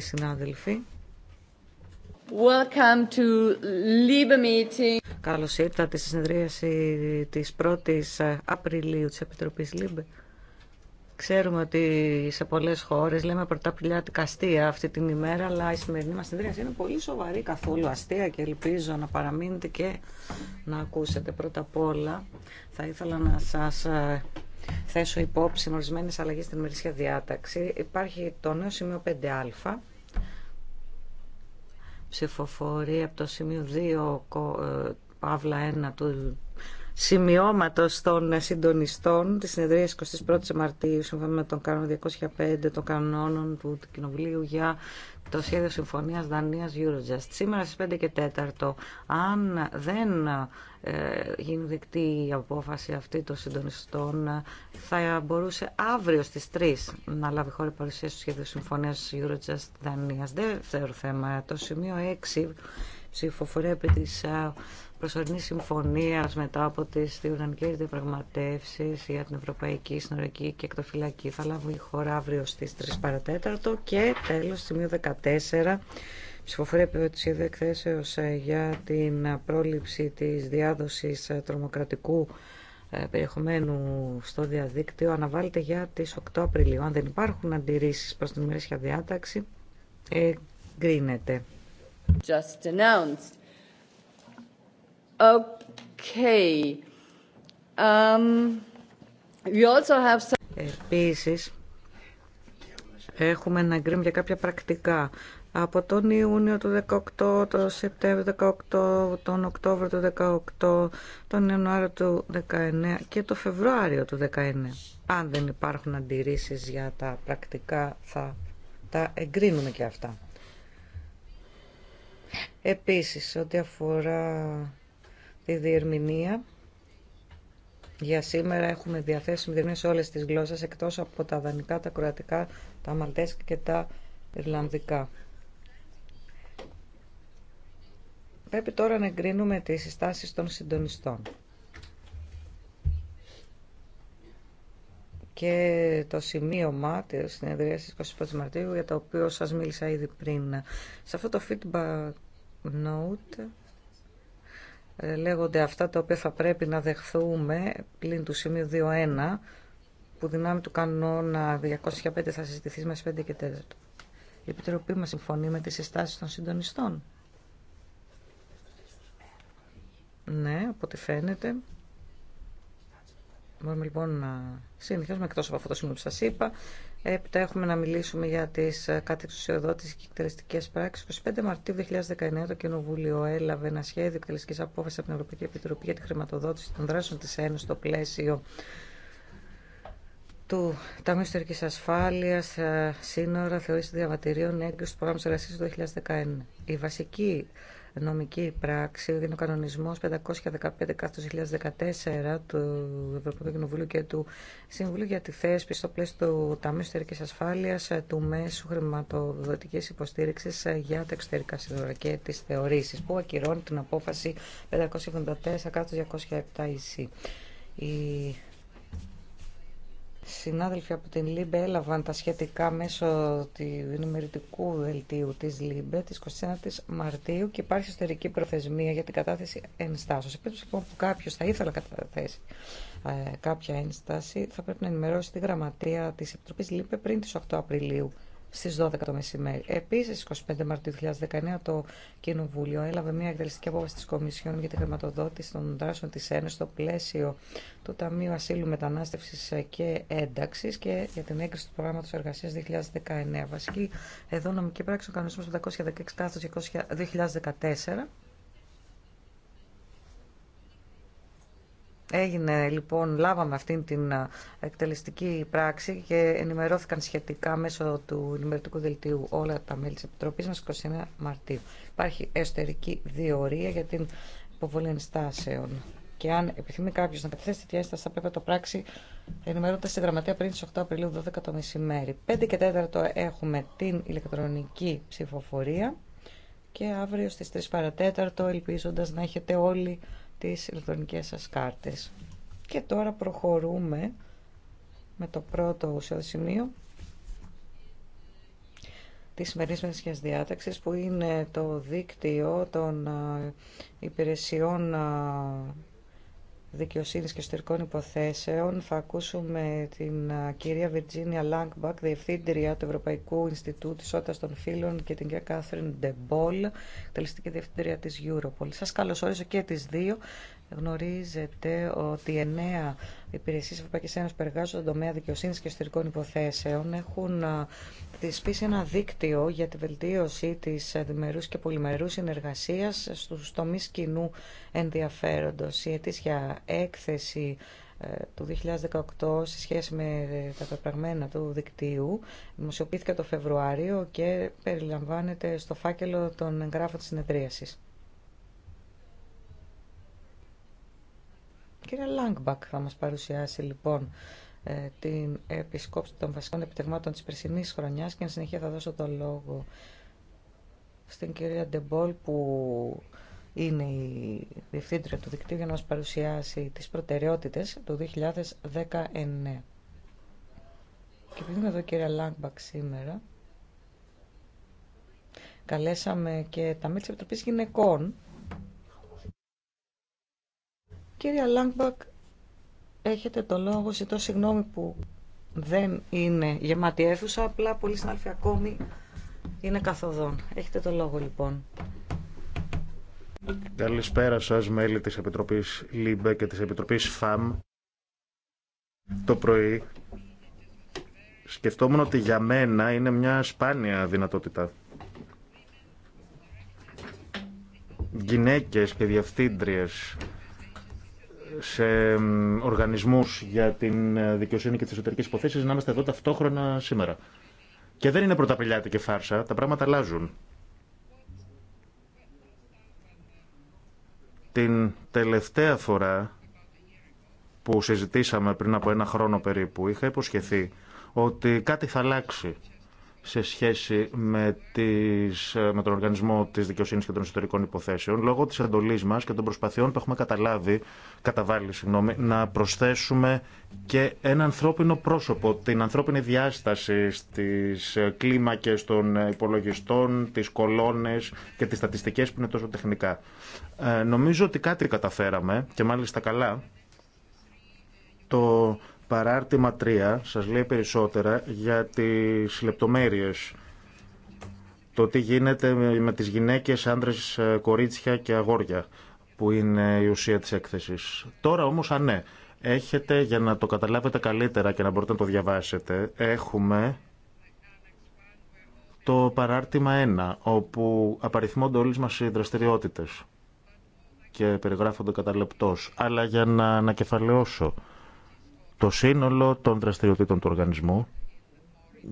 συνάδελφοι. Welcome to Libre Meeting. Καλώς ήρθατε στη συνεδρίαση της 1ης ε, Απριλίου της Επιτροπής ΛΥΜΠΕ. Ξέρουμε ότι σε πολλές χώρες λέμε πρωταπηλιάτικα αστεία αυτή την ημέρα, αλλά η σημερινή μας συνεδρίαση είναι πολύ σοβαρή, καθόλου αστεία και ελπίζω να παραμείνετε και να ακούσετε πρώτα απ' όλα. Θα ήθελα να σας ε, θέσω υπόψη με ορισμένε αλλαγέ στην ημερήσια διάταξη. Υπάρχει το νέο σημείο 5α, ψηφοφορία από το σημείο 2 ε, Παύλα 1 του σημειώματος των συντονιστών της συνεδρίας 21η Μαρτίου σύμφωνα με τον κανόνα 205 των κανόνων του Κοινοβουλίου για το σχέδιο συμφωνίας Δανία Eurojust. Σήμερα στι 5 και 4, αν δεν ε, γίνει δεκτή η απόφαση αυτή των συντονιστών, θα μπορούσε αύριο στι 3 να λάβει χώρα η παρουσίαση του σχέδιου συμφωνίας Eurojust Δανία. Δεύτερο θέμα, το σημείο 6, ψηφοφορία επί ε, προσωρινή συμφωνία μετά από τι διοργανικέ διαπραγματεύσει για την Ευρωπαϊκή Συνορική και Εκτοφυλακή θα λάβει η χώρα αύριο στις 3 παρατέταρτο και τέλο σημείο 14 ψηφοφορία επιβεβαιωτική διεκθέσεως ε, για την πρόληψη της διάδοσης ε, τρομοκρατικού ε, περιεχομένου στο διαδίκτυο αναβάλλεται για τις 8 Απριλίου. Αν δεν υπάρχουν αντιρρήσεις προς την ημερήσια διάταξη, εγκρίνεται. Just Okay. Um, we also have some... Επίσης, έχουμε να εγκρίνουμε για κάποια πρακτικά. Από τον Ιούνιο του 18, τον Σεπτέμβριο του 18, τον Οκτώβριο του 18, τον Ιανουάριο του 19 και το Φεβρουάριο του 19. Αν δεν υπάρχουν αντιρρήσεις για τα πρακτικά θα τα εγκρίνουμε και αυτά. Επίσης, ό,τι αφορά τη διερμηνία. Για σήμερα έχουμε διαθέσιμη διερμηνία σε όλες τις γλώσσες εκτός από τα δανικά, τα κροατικά, τα μαλτέσκα και τα ιρλανδικά. Πρέπει τώρα να εγκρίνουμε τις συστάσεις των συντονιστών. και το σημείωμα τη συνεδρίας της 25 Μαρτίου για το οποίο σας μίλησα ήδη πριν. Σε αυτό το feedback note ε, λέγονται αυτά τα οποία θα πρέπει να δεχθούμε πλην του σημείου 2.1 που δυνάμει του κανόνα 205 θα συζητηθεί μας 5 και 4. Η Επιτροπή μας συμφωνεί με τις συστάσεις των συντονιστών. Ναι, από ό,τι φαίνεται. Μπορούμε λοιπόν να συνεχίσουμε εκτό από αυτό το σημείο που σα είπα. Έπειτα έχουμε να μιλήσουμε για τι κάτι εξουσιοδότηση και εκτελεστικέ πράξει. 25 Μαρτίου 2019 το Κοινοβούλιο έλαβε ένα σχέδιο εκτελεστική απόφαση από την Ευρωπαϊκή Επιτροπή για τη χρηματοδότηση των δράσεων τη Ένωση στο πλαίσιο του Ταμείου Ιστορική Ασφάλεια, σύνορα, θεωρήσει διαβατηρίων, έγκριση του πρόγραμματο εργασία του 2019. Η βασική νομική πράξη είναι ο κανονισμό 515-2014 του Ευρωπαϊκού Κοινοβουλίου και του Συμβουλίου για τη θέση στο πλαίσιο του Ταμείου Εσωτερική Ασφάλεια ε, του Μέσου Χρηματοδοτική Υποστήριξη ε, για τα εξωτερικά σύνορα και τι θεωρήσει, που ακυρώνει την απόφαση 574-207 EC. Η συνάδελφοι από την ΛΥΜΠΕ έλαβαν τα σχετικά μέσω του ενημερωτικού δελτίου της ΛΥΜΠΕ της 29ης Μαρτίου και υπάρχει εσωτερική προθεσμία για την κατάθεση ενστάσεως. Σε λοιπόν που κάποιος θα ήθελε να καταθέσει ε, κάποια ένσταση θα πρέπει να ενημερώσει τη γραμματεία της Επιτροπής ΛΥΜΠΕ πριν τις 8 Απριλίου στις 12 το μεσημέρι. Επίσης, 25 Μαρτίου 2019, το Κοινοβούλιο έλαβε μια εκτελεστική απόφαση της Κομισιόν για τη χρηματοδότηση των δράσεων της Ένωσης στο πλαίσιο του Ταμείου Ασύλου Μετανάστευσης και Ένταξης και για την έγκριση του προγράμματος εργασίας 2019. Βασική εδώ νομική πράξη ο κανονισμός 516 2014 Έγινε λοιπόν, λάβαμε αυτή την εκτελεστική πράξη και ενημερώθηκαν σχετικά μέσω του ενημερωτικού δελτίου όλα τα μέλη της Επιτροπής μας 29 Μαρτίου. Υπάρχει εσωτερική διορία για την υποβολή ενστάσεων. Και αν επιθυμεί κάποιο να καταθέσει τέτοια ένσταση, θα πρέπει το πράξη, ενημερώνοντα τη γραμματεία πριν τι 8 Απριλίου 12 το μεσημέρι. 5 και 4 έχουμε την ηλεκτρονική ψηφοφορία και αύριο στι 3 παρατέταρτο ελπίζοντα να έχετε όλοι τις ηλεκτρονικές σας κάρτες. Και τώρα προχωρούμε με το πρώτο ουσιαστικό σημείο τη σημερινή διάταξη, που είναι το δίκτυο των ε, υπηρεσιών ε, Δικαιοσύνης και εσωτερικών Υποθέσεων θα ακούσουμε την κυρία Βιρτζίνια Λάγκμπακ, Διευθύντρια του Ευρωπαϊκού Ινστιτούτου Σότα των Φίλων και την κυρία Κάθριν Ντεμπόλ, εκτελεστική Διευθύντρια της Europol. Σας καλωσορίζω και τις δύο Γνωρίζετε ότι εννέα υπηρεσίε Ευρωπαϊκή Ένωση που εργάζονται στον τομέα δικαιοσύνη και εσωτερικών υποθέσεων έχουν δυσπίσει ένα δίκτυο για τη βελτίωση τη διμερού και πολυμερού συνεργασία στου τομεί κοινού ενδιαφέροντο. Η αιτήσια έκθεση ε, του 2018 σε σχέση με ε, τα πεπραγμένα του δικτύου δημοσιοποιήθηκε το Φεβρουάριο και περιλαμβάνεται στο φάκελο των εγγράφων της συνεδρίασης. Κυρία Λάγκμπακ θα μας παρουσιάσει λοιπόν ε, την επισκόπηση των βασικών επιτεγμάτων της περσινής χρονιάς και εν συνεχεία θα δώσω το λόγο στην κυρία Ντεμπόλ που είναι η διευθύντρια του δικτύου για να μας παρουσιάσει τις προτεραιότητες του 2019. Και επειδή είμαι εδώ κυρία Λάγκμπακ σήμερα, καλέσαμε και τα μέλη της Επιτροπής Γυναικών Κύριε Λάγκμπακ, έχετε το λόγο. Ζητώ συγγνώμη που δεν είναι γεμάτη αίθουσα, απλά πολύ συνάδελφοι ακόμη είναι καθοδόν. Έχετε το λόγο λοιπόν. Καλησπέρα σας μέλη της Επιτροπής ΛΥΜΠΕ και της Επιτροπής ΦΑΜ. Το πρωί σκεφτόμουν ότι για μένα είναι μια σπάνια δυνατότητα. Γυναίκες και διευθύντριες σε οργανισμούς για την ε, δικαιοσύνη και τις εσωτερικές υποθέσεις να είμαστε εδώ ταυτόχρονα σήμερα. Και δεν είναι και φάρσα, τα πράγματα αλλάζουν. Την τελευταία φορά που συζητήσαμε πριν από ένα χρόνο περίπου είχα υποσχεθεί ότι κάτι θα αλλάξει σε σχέση με, τις, με τον Οργανισμό της Δικαιοσύνη και των Ιστορικών Υποθέσεων, λόγω της εντολή μας και των προσπαθειών που έχουμε καταλάβει, καταβάλει, συγγνώμη, να προσθέσουμε και ένα ανθρώπινο πρόσωπο, την ανθρώπινη διάσταση στις κλίμακες των υπολογιστών, τι κολόνες και τι στατιστικές που είναι τόσο τεχνικά. Ε, νομίζω ότι κάτι καταφέραμε και μάλιστα καλά. Το Παράρτημα 3 σας λέει περισσότερα για τις λεπτομέρειες το τι γίνεται με τις γυναίκες, άντρες, κορίτσια και αγόρια που είναι η ουσία της έκθεσης. Τώρα όμως αν ναι, έχετε για να το καταλάβετε καλύτερα και να μπορείτε να το διαβάσετε, έχουμε το παράρτημα 1 όπου απαριθμώνται όλες μας οι δραστηριότητες και περιγράφονται κατά Αλλά για να ανακεφαλαιώσω, το σύνολο των δραστηριοτήτων του οργανισμού,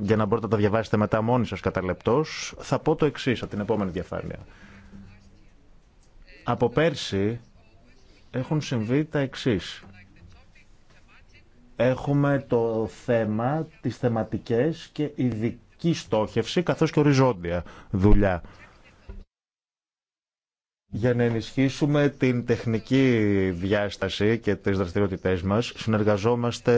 για να μπορείτε να τα διαβάσετε μετά μόνοι σας κατά θα πω το εξή, από την επόμενη διαφάνεια. Από πέρσι έχουν συμβεί τα εξή. Έχουμε το θέμα, τις θεματικές και ειδική στόχευση, καθώς και οριζόντια δουλειά. Για να ενισχύσουμε την τεχνική διάσταση και τις δραστηριότητές μας, συνεργαζόμαστε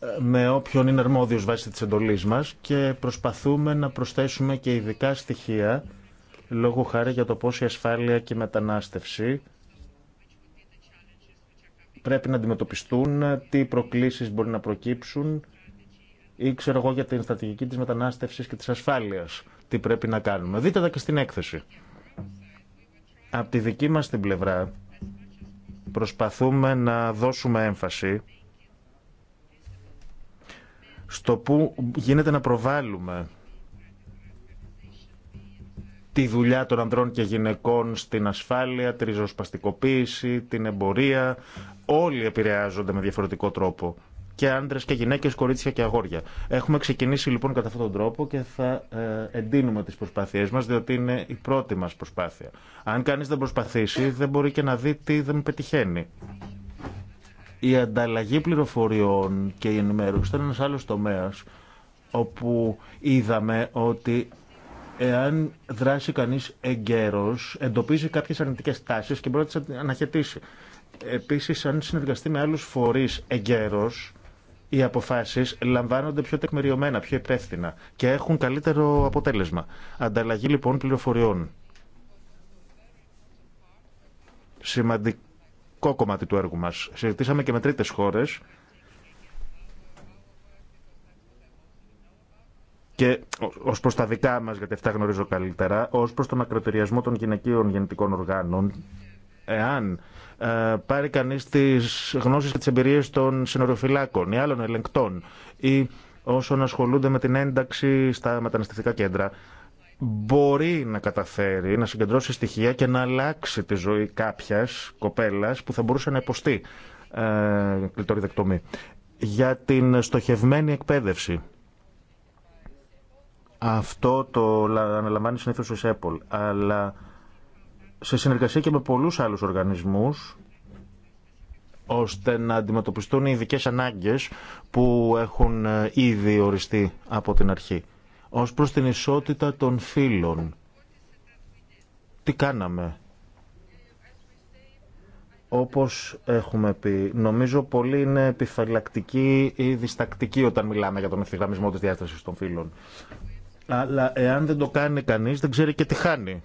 ε, με όποιον είναι αρμόδιος βάσει της εντολής μας και προσπαθούμε να προσθέσουμε και ειδικά στοιχεία λόγω χάρη για το πώς η ασφάλεια και η μετανάστευση πρέπει να αντιμετωπιστούν, τι προκλήσεις μπορεί να προκύψουν ή ξέρω εγώ για την στρατηγική της μετανάστευσης και της ασφάλειας τι πρέπει να κάνουμε. Δείτε τα και στην έκθεση. Από τη δική μας την πλευρά προσπαθούμε να δώσουμε έμφαση στο που γίνεται να προβάλλουμε τη δουλειά των ανδρών και γυναικών στην ασφάλεια, τη ριζοσπαστικοποίηση, την εμπορία. Όλοι επηρεάζονται με διαφορετικό τρόπο και άντρε και γυναίκε, κορίτσια και αγόρια. Έχουμε ξεκινήσει λοιπόν κατά αυτόν τον τρόπο και θα ε, εντείνουμε τι προσπάθειέ μα, διότι είναι η πρώτη μα προσπάθεια. Αν κανεί δεν προσπαθήσει, δεν μπορεί και να δει τι δεν πετυχαίνει. Η ανταλλαγή πληροφοριών και η ενημέρωση ήταν ένα άλλο τομέα όπου είδαμε ότι εάν δράσει κανείς εγκαίρος, εντοπίζει κάποιες αρνητικές τάσεις και μπορεί να τις αναχαιτήσει. Επίσης, αν συνεργαστεί με άλλους φορείς εγκαίρος, οι αποφάσει λαμβάνονται πιο τεκμηριωμένα, πιο υπεύθυνα και έχουν καλύτερο αποτέλεσμα. Ανταλλαγή λοιπόν πληροφοριών. Σημαντικό κομμάτι του έργου μα. Συζητήσαμε και με τρίτε χώρε. Και ω προ τα δικά μα, γιατί αυτά γνωρίζω καλύτερα, ω προ τον ακροτηριασμό των γυναικείων γεννητικών οργάνων, Εάν ε, πάρει κανεί τις γνώσεις και τι εμπειρίε των συνοριοφυλάκων ή άλλων ελεγκτών ή όσων ασχολούνται με την ένταξη στα μεταναστευτικά κέντρα, μπορεί να καταφέρει να συγκεντρώσει στοιχεία και να αλλάξει τη ζωή κάποιας κοπέλας που θα μπορούσε να υποστεί ε, κλειτοριδεκτομή. Για την στοχευμένη εκπαίδευση. Αυτό το αναλαμβάνει συνήθω ο ΣΕΠΟΛ, αλλά σε συνεργασία και με πολλούς άλλους οργανισμούς ώστε να αντιμετωπιστούν οι ειδικέ ανάγκες που έχουν ε, ήδη οριστεί από την αρχή. Ως προς την ισότητα των φύλων. Τι κάναμε. Όπως έχουμε πει, νομίζω πολύ είναι επιφυλακτική ή διστακτική όταν μιλάμε για τον ευθυγραμμισμό της διάστασης των φύλων. Αλλά εάν δεν το κάνει κανείς δεν ξέρει και τι χάνει.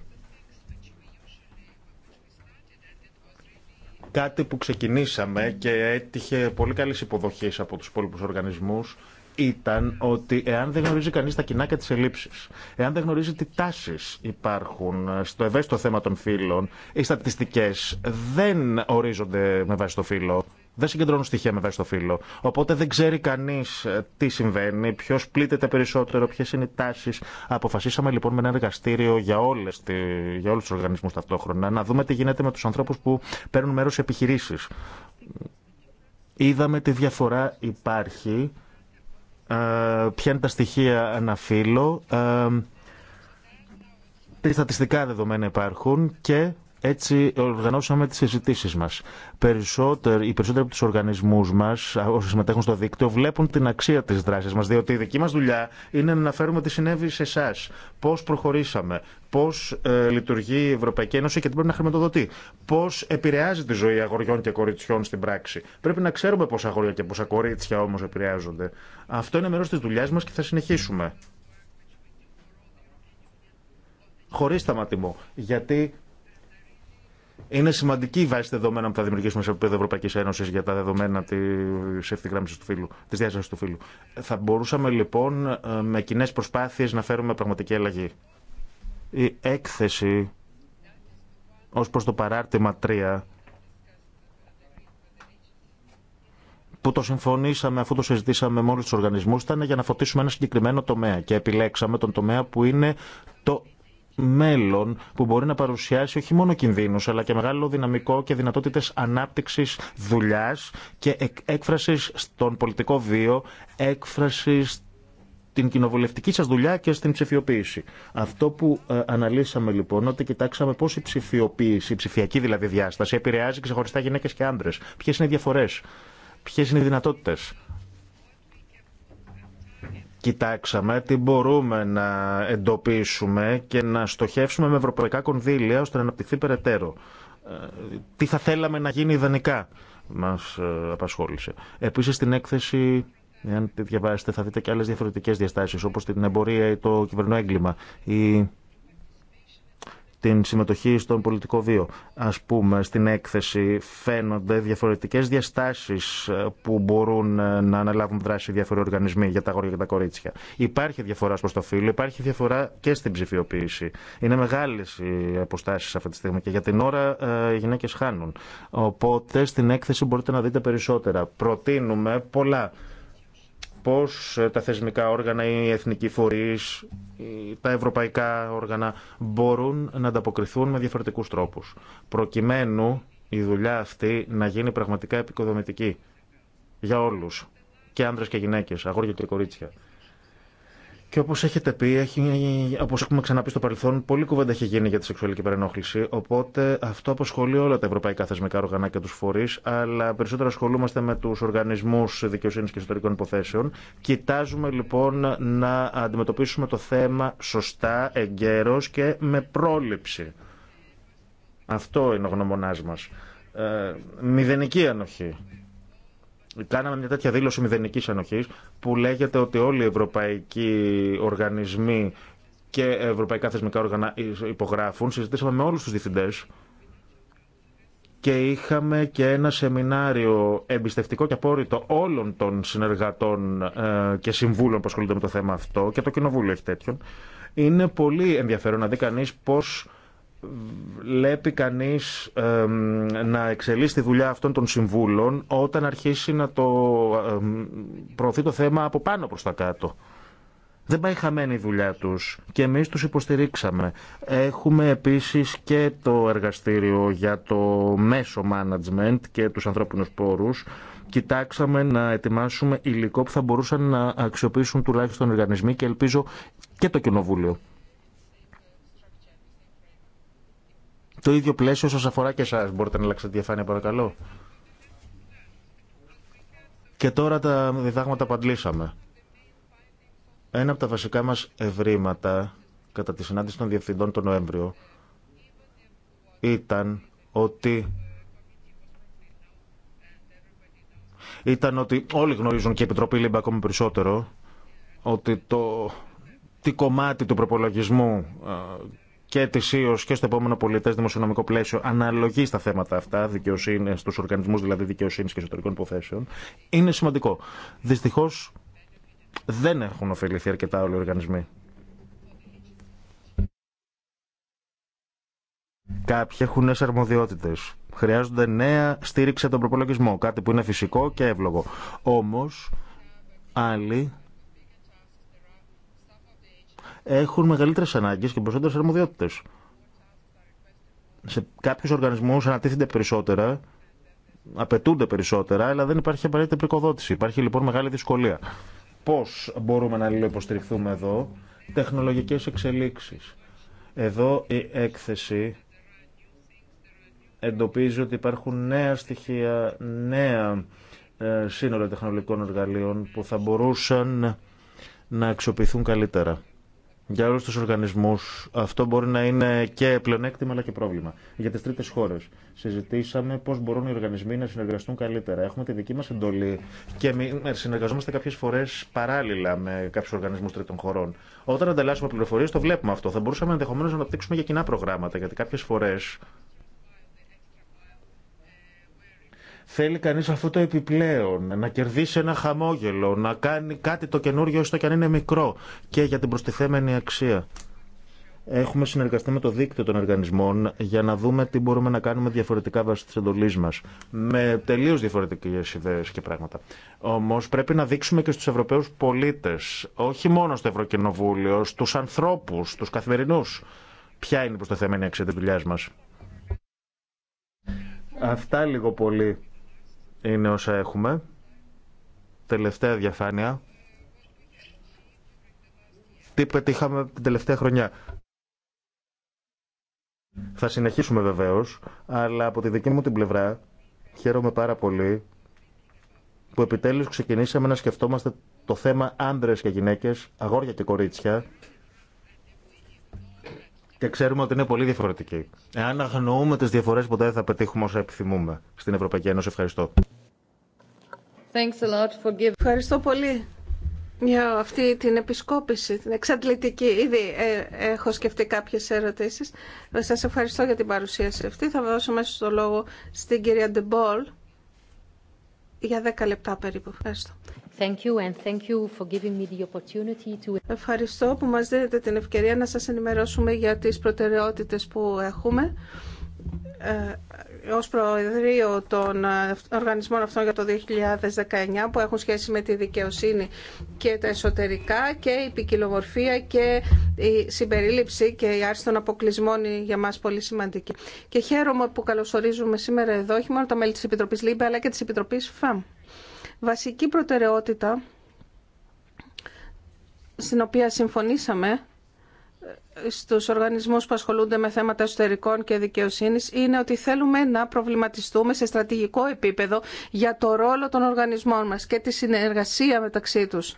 κάτι που ξεκινήσαμε και έτυχε πολύ καλή υποδοχή από τους υπόλοιπου οργανισμούς ήταν ότι εάν δεν γνωρίζει κανεί τα κοινά και τι ελλείψει, εάν δεν γνωρίζει τι τάσει υπάρχουν στο ευαίσθητο θέμα των φύλων, οι στατιστικέ δεν ορίζονται με βάση το φύλλο, δεν συγκεντρώνουν στοιχεία με βάση το φύλλο. Οπότε δεν ξέρει κανεί ε, τι συμβαίνει, ποιο πλήττεται περισσότερο, ποιε είναι οι τάσει. Αποφασίσαμε λοιπόν με ένα εργαστήριο για, όλες, για όλου του οργανισμού ταυτόχρονα να δούμε τι γίνεται με του ανθρώπου που παίρνουν μέρο σε επιχειρήσει. Είδαμε τι διαφορά υπάρχει, ε, ποια είναι τα στοιχεία Ε, τι στατιστικά δεδομένα υπάρχουν και έτσι οργανώσαμε τις συζητήσει μας. Περισσότερο οι περισσότεροι από τους οργανισμούς μας, όσοι συμμετέχουν στο δίκτυο, βλέπουν την αξία της δράσης μας, διότι η δική μας δουλειά είναι να αναφέρουμε τι συνέβη σε εσά, πώς προχωρήσαμε, πώς ε, λειτουργεί η Ευρωπαϊκή Ένωση και τι πρέπει να χρηματοδοτεί, πώς επηρεάζει τη ζωή αγοριών και κοριτσιών στην πράξη. Πρέπει να ξέρουμε πόσα αγόρια και πόσα κορίτσια όμως επηρεάζονται. Αυτό είναι μέρος της δουλειά μας και θα συνεχίσουμε Χωρί σταματημό. Γιατί είναι σημαντική η βάση δεδομένων που θα δημιουργήσουμε σε επίπεδο Ευρωπαϊκή Ένωση για τα δεδομένα τη ευθυγράμμιση του φύλου, τη διάσταση του φύλου. Θα μπορούσαμε λοιπόν ε, με κοινέ προσπάθειε να φέρουμε πραγματική αλλαγή. Η έκθεση ω προ το παράρτημα 3 που το συμφωνήσαμε αφού το συζητήσαμε με όλου του οργανισμού ήταν για να φωτίσουμε ένα συγκεκριμένο τομέα και επιλέξαμε τον τομέα που είναι το μέλλον που μπορεί να παρουσιάσει όχι μόνο κινδύνου, αλλά και μεγάλο δυναμικό και δυνατότητε ανάπτυξη δουλειά και έκφραση στον πολιτικό βίο, έκφραση την κοινοβουλευτική σας δουλειά και στην ψηφιοποίηση. Αυτό που ε, αναλύσαμε λοιπόν, ότι κοιτάξαμε πώς η ψηφιοποίηση, η ψηφιακή δηλαδή διάσταση, επηρεάζει ξεχωριστά γυναίκες και άντρες. Ποιες είναι οι διαφορές, ποιες είναι οι δυνατότητες κοιτάξαμε τι μπορούμε να εντοπίσουμε και να στοχεύσουμε με ευρωπαϊκά κονδύλια ώστε να αναπτυχθεί περαιτέρω. Ε, τι θα θέλαμε να γίνει ιδανικά μας ε, απασχόλησε. Επίσης στην έκθεση αν τη διαβάσετε θα δείτε και άλλες διαφορετικές διαστάσεις όπως την εμπορία ή το κυβερνό έγκλημα ή την συμμετοχή στον πολιτικό βίο. Ας πούμε, στην έκθεση φαίνονται διαφορετικές διαστάσεις ε, που μπορούν ε, να αναλάβουν δράση διάφοροι οργανισμοί για τα αγόρια και τα κορίτσια. Υπάρχει διαφορά προς το φύλλο, υπάρχει διαφορά και στην ψηφιοποίηση. Είναι μεγάλες οι αποστάσεις αυτή τη στιγμή και για την ώρα ε, οι γυναίκες χάνουν. Οπότε στην έκθεση μπορείτε να δείτε περισσότερα. Προτείνουμε πολλά πώς ε, τα θεσμικά όργανα, οι εθνικοί φορείς, τα ευρωπαϊκά όργανα μπορούν να ανταποκριθούν με διαφορετικούς τρόπους. Προκειμένου η δουλειά αυτή να γίνει πραγματικά επικοδομητική για όλους, και άνδρες και γυναίκες, αγόρια και κορίτσια. Και όπω έχετε πει, έχει, όπως έχουμε ξαναπεί στο παρελθόν, πολλή κουβέντα έχει γίνει για τη σεξουαλική παρενόχληση. Οπότε αυτό αποσχολεί όλα τα ευρωπαϊκά θεσμικά οργανά και του φορεί, αλλά περισσότερο ασχολούμαστε με του οργανισμού δικαιοσύνη και ιστορικών υποθέσεων. Κοιτάζουμε λοιπόν να αντιμετωπίσουμε το θέμα σωστά, εγκαίρω και με πρόληψη. Αυτό είναι ο γνωμονά μα. Ε, μηδενική ανοχή κάναμε μια τέτοια δήλωση μηδενική ανοχή που λέγεται ότι όλοι οι ευρωπαϊκοί οργανισμοί και ευρωπαϊκά θεσμικά όργανα υπογράφουν. Συζητήσαμε με όλου του διευθυντέ και είχαμε και ένα σεμινάριο εμπιστευτικό και απόρριτο όλων των συνεργατών ε, και συμβούλων που ασχολούνται με το θέμα αυτό και το Κοινοβούλιο έχει τέτοιον. Είναι πολύ ενδιαφέρον να δει κανεί πώ βλέπει κανείς να εξελίσσει τη δουλειά αυτών των συμβούλων όταν αρχίσει να το προωθεί το θέμα από πάνω προς τα κάτω. Δεν πάει χαμένη η δουλειά τους και εμείς τους υποστηρίξαμε. Έχουμε επίσης και το εργαστήριο για το μέσο management και τους ανθρώπινους πόρους. Κοιτάξαμε να ετοιμάσουμε υλικό που θα μπορούσαν να αξιοποιήσουν τουλάχιστον οργανισμοί και ελπίζω και το Κοινοβούλιο. το ίδιο πλαίσιο σας αφορά και εσάς. Μπορείτε να αλλάξετε διαφάνεια παρακαλώ. Και τώρα τα διδάγματα που αντλήσαμε. Ένα από τα βασικά μας ευρήματα κατά τη συνάντηση των διευθυντών τον Νοέμβριο ήταν ότι ήταν ότι όλοι γνωρίζουν και η Επιτροπή Λίμπα ακόμη περισσότερο ότι το τι κομμάτι του προπολογισμού και ετησίω και στο επόμενο πολιτέ δημοσιονομικό πλαίσιο αναλογή στα θέματα αυτά, δικαιοσύνη, στου οργανισμού δηλαδή δικαιοσύνη και εσωτερικών υποθέσεων, είναι σημαντικό. Δυστυχώ δεν έχουν ωφεληθεί αρκετά όλοι οι οργανισμοί. Κάποιοι έχουν νέε αρμοδιότητε. Χρειάζονται νέα στήριξη από τον προπολογισμό. Κάτι που είναι φυσικό και εύλογο. Όμω, άλλοι έχουν μεγαλύτερε ανάγκε και περισσότερε αρμοδιότητε. Σε κάποιου οργανισμού ανατίθενται περισσότερα, απαιτούνται περισσότερα, αλλά δεν υπάρχει απαραίτητη πρικοδότηση. Υπάρχει λοιπόν μεγάλη δυσκολία. Πώ μπορούμε να υποστηριχθούμε εδώ, τεχνολογικέ εξελίξει. Εδώ η έκθεση εντοπίζει ότι υπάρχουν νέα στοιχεία, νέα ε, σύνορα τεχνολογικών εργαλείων που θα μπορούσαν να αξιοποιηθούν καλύτερα για όλου του οργανισμού αυτό μπορεί να είναι και πλεονέκτημα αλλά και πρόβλημα. Για τι τρίτε χώρε. Συζητήσαμε πώ μπορούν οι οργανισμοί να συνεργαστούν καλύτερα. Έχουμε τη δική μα εντολή και ε, συνεργαζόμαστε κάποιε φορέ παράλληλα με κάποιου οργανισμού τρίτων χωρών. Όταν ανταλλάσσουμε πληροφορίε το βλέπουμε αυτό. Θα μπορούσαμε ενδεχομένω να αναπτύξουμε για κοινά προγράμματα γιατί κάποιε φορέ Θέλει κανείς αυτό το επιπλέον, να κερδίσει ένα χαμόγελο, να κάνει κάτι το καινούργιο έστω και αν είναι μικρό και για την προστιθέμενη αξία. Έχουμε συνεργαστεί με το δίκτυο των οργανισμών για να δούμε τι μπορούμε να κάνουμε διαφορετικά βάσει τη εντολή μα. Με τελείω διαφορετικέ ιδέε και πράγματα. Όμω πρέπει να δείξουμε και στου Ευρωπαίου πολίτε, όχι μόνο στο Ευρωκοινοβούλιο, στου ανθρώπου, στου καθημερινού, ποια είναι η προστιθέμενη αξία τη δουλειά μα. Αυτά λίγο πολύ είναι όσα έχουμε. Τελευταία διαφάνεια. Τι πετύχαμε την τελευταία χρονιά. Θα συνεχίσουμε βεβαίως, αλλά από τη δική μου την πλευρά χαίρομαι πάρα πολύ που επιτέλους ξεκινήσαμε να σκεφτόμαστε το θέμα άντρες και γυναίκες, αγόρια και κορίτσια και ξέρουμε ότι είναι πολύ διαφορετική. Εάν αγνοούμε τις διαφορές ποτέ θα πετύχουμε όσα επιθυμούμε στην Ευρωπαϊκή Ένωση. Ευχαριστώ. Ευχαριστώ πολύ για αυτή την επισκόπηση, την εξαντλητική. Ήδη ε, έχω σκεφτεί κάποιες ερωτήσεις. Σας ευχαριστώ για την παρουσίαση αυτή. Θα δώσω μέσα στο λόγο στην κυρία Ντεμπόλ για 10 λεπτά περίπου. Ευχαριστώ. Thank you and thank you for giving me the opportunity to... Ευχαριστώ που μας δίνετε την ευκαιρία να σας ενημερώσουμε για τις προτεραιότητες που έχουμε ε, ε, ως Προεδρείο των ε, οργανισμών αυτών για το 2019 που έχουν σχέση με τη δικαιοσύνη και τα εσωτερικά και η ποικιλομορφία και η συμπερίληψη και η άρση των αποκλεισμών για μας πολύ σημαντική. Και χαίρομαι που καλωσορίζουμε σήμερα εδώ όχι μόνο τα μέλη της Επιτροπής ΛΥΜΠΕ αλλά και της Επιτροπής ΦΑΜ. Βασική προτεραιότητα στην οποία συμφωνήσαμε στους οργανισμούς που ασχολούνται με θέματα εσωτερικών και δικαιοσύνης είναι ότι θέλουμε να προβληματιστούμε σε στρατηγικό επίπεδο για το ρόλο των οργανισμών μας και τη συνεργασία μεταξύ τους.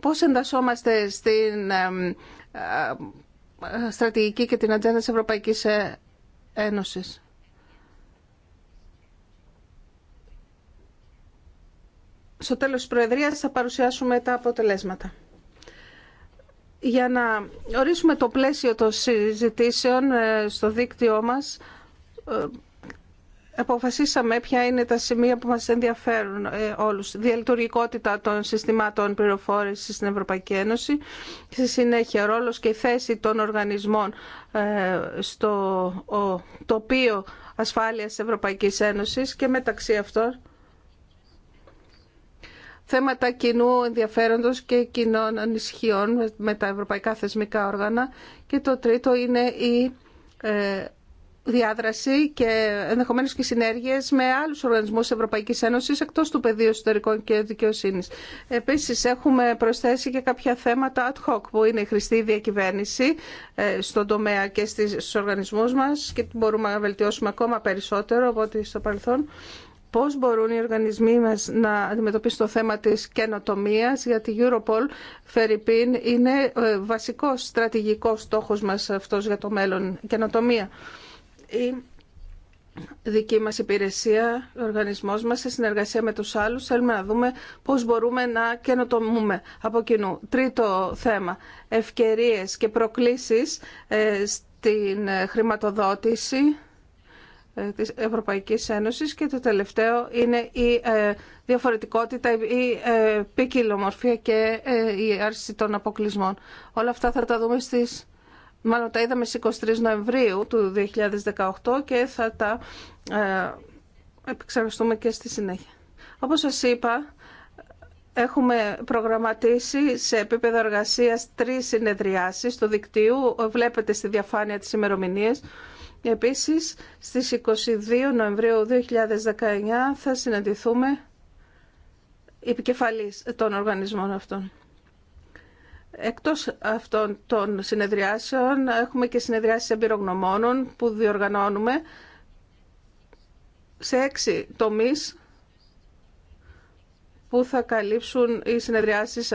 Πώς εντασσόμαστε στην ε, ε, στρατηγική και την ατζέντα της Ευρωπαϊκής ε, Ένωσης. στο τέλος της Προεδρίας θα παρουσιάσουμε τα αποτελέσματα. Για να ορίσουμε το πλαίσιο των συζητήσεων ε, στο δίκτυό μας, ε, αποφασίσαμε ποια είναι τα σημεία που μας ενδιαφέρουν ε, όλους. Διαλειτουργικότητα των συστημάτων πληροφόρηση στην Ευρωπαϊκή Ένωση, στη συνέχεια ρόλος και θέση των οργανισμών στο τοπίο ασφάλειας Ευρωπαϊκής Ένωσης και μεταξύ αυτών θέματα κοινού ενδιαφέροντος και κοινών ανησυχιών με τα ευρωπαϊκά θεσμικά όργανα και το τρίτο είναι η ε, διάδραση και ενδεχομένως και συνέργειες με άλλους οργανισμούς Ευρωπαϊκής Ένωσης εκτός του πεδίου εσωτερικών και δικαιοσύνης. Επίσης έχουμε προσθέσει και κάποια θέματα ad hoc που είναι η χρηστή διακυβέρνηση ε, στον τομέα και στους οργανισμούς μας και μπορούμε να βελτιώσουμε ακόμα περισσότερο από ό,τι στο παρελθόν πώς μπορούν οι οργανισμοί μας να αντιμετωπίσουν το θέμα της καινοτομίας, γιατί η Europol, Φερρυπίν, είναι ε, βασικός στρατηγικός στόχος μας αυτός για το μέλλον, καινοτομία. Η δική μας υπηρεσία, ο οργανισμός μας, σε συνεργασία με τους άλλους, θέλουμε να δούμε πώς μπορούμε να καινοτομούμε από κοινού. Τρίτο θέμα, ευκαιρίες και προκλήσεις ε, στην ε, χρηματοδότηση ε, της Ευρωπαϊκής Ένωσης και το τελευταίο είναι η ε, διαφορετικότητα, η ε, ποικιλομορφία και η άρση των αποκλεισμών. Όλα αυτά θα τα δούμε στις... Μάλλον τα είδαμε στις 23 Νοεμβρίου του 2018 και θα τα επεξεργαστούμε και στη συνέχεια. Όπως σας είπα, έχουμε προγραμματίσει σε επίπεδο εργασίας τρεις συνεδριάσεις του δικτύου. Βλέπετε στη διαφάνεια τις ημερομηνίες. Επίσης, στις 22 Νοεμβρίου 2019 θα συναντηθούμε επικεφαλής των οργανισμών αυτών. Εκτός αυτών των συνεδριάσεων, έχουμε και συνεδριάσεις εμπειρογνωμόνων που διοργανώνουμε σε έξι τομείς που θα καλύψουν οι συνεδριάσεις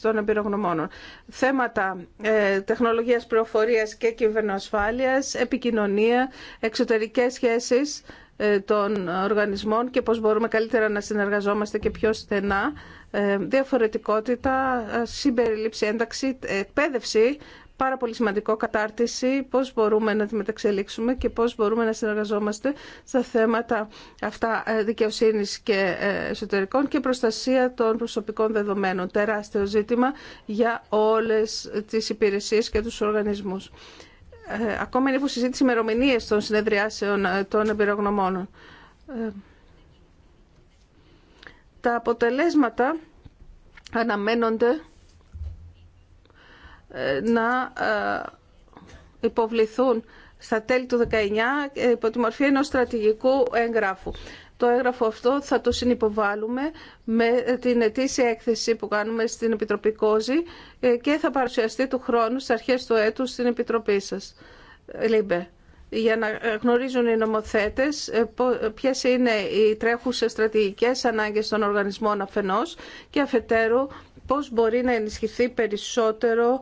των εμπειρογνωμόνων. Θέματα ε, τεχνολογίας προφορίας και κυβερνοασφάλειας, επικοινωνία, εξωτερικές σχέσεις ε, των οργανισμών και πώς μπορούμε καλύτερα να συνεργαζόμαστε και πιο στενά, ε, διαφορετικότητα, συμπεριλήψη, ένταξη, εκπαίδευση, πάρα πολύ σημαντικό κατάρτιση, πώς μπορούμε να τη μεταξελίξουμε και πώς μπορούμε να συνεργαζόμαστε στα θέματα αυτά ε, δικαιοσύνης και ε, εσωτερικών και προστασία των προσωπικών δεδομένων. Τεράστιο ζήτημα για όλες τις υπηρεσίες και τους οργανισμούς. Ε, ακόμα είναι που συζήτηση ημερομηνίε των συνεδριάσεων των εμπειρογνωμόνων. Τα αποτελέσματα αναμένονται ε, να ε, υποβληθούν στα τέλη του 19 υπό τη μορφή ενός στρατηγικού έγγραφου. Το έγγραφο αυτό θα το συνυποβάλλουμε με την ετήσια έκθεση που κάνουμε στην Επιτροπή Κόζη ε, και θα παρουσιαστεί του χρόνου στις αρχές του έτους στην Επιτροπή σας. Λίμπε για να ε, γνωρίζουν οι νομοθέτες ε, ε, ποιες είναι οι τρέχουσες στρατηγικές ανάγκες των οργανισμών αφενός και αφετέρου πώς μπορεί να ενισχυθεί περισσότερο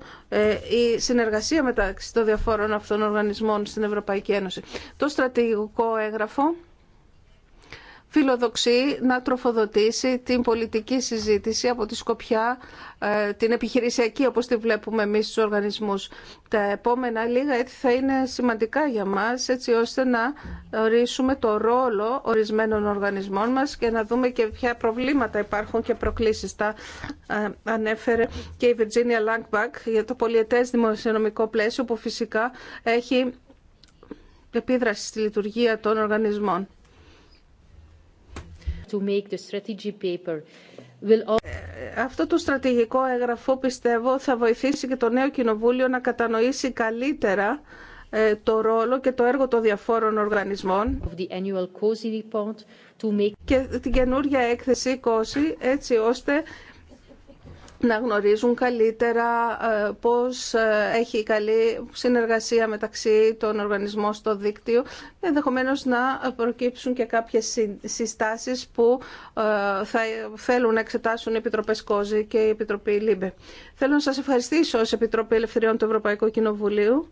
η συνεργασία μεταξύ των διαφόρων αυτών οργανισμών στην Ευρωπαϊκή Ένωση. Το στρατηγικό έγγραφο φιλοδοξεί να τροφοδοτήσει την πολιτική συζήτηση από τη σκοπιά, ε, την επιχειρησιακή όπως τη βλέπουμε εμείς στους οργανισμούς. Τα επόμενα λίγα έτσι θα είναι σημαντικά για μας έτσι ώστε να ορίσουμε το ρόλο ορισμένων οργανισμών μας και να δούμε και ποια προβλήματα υπάρχουν και προκλήσεις. Τα ε, ανέφερε και η Virginia Langback για το πολιετές δημοσιονομικό πλαίσιο που φυσικά έχει επίδραση στη λειτουργία των οργανισμών. Ε, αυτό το στρατηγικό έγγραφο πιστεύω θα βοηθήσει και το νέο κοινοβούλιο να κατανοήσει καλύτερα ε, το ρόλο και το έργο των διαφόρων οργανισμών και την καινούργια έκθεση COSI έτσι ώστε να γνωρίζουν καλύτερα ε, πώς ε, έχει καλή συνεργασία μεταξύ των οργανισμών στο δίκτυο, ενδεχομένω να προκύψουν και κάποιες συστάσεις που ε, θα θέλουν να εξετάσουν οι Επιτροπές Κόζη και η Επιτροπή ΛΥΜΠΕ. Θέλω να σας ευχαριστήσω ως Επιτροπή Ελευθεριών του Ευρωπαϊκού Κοινοβουλίου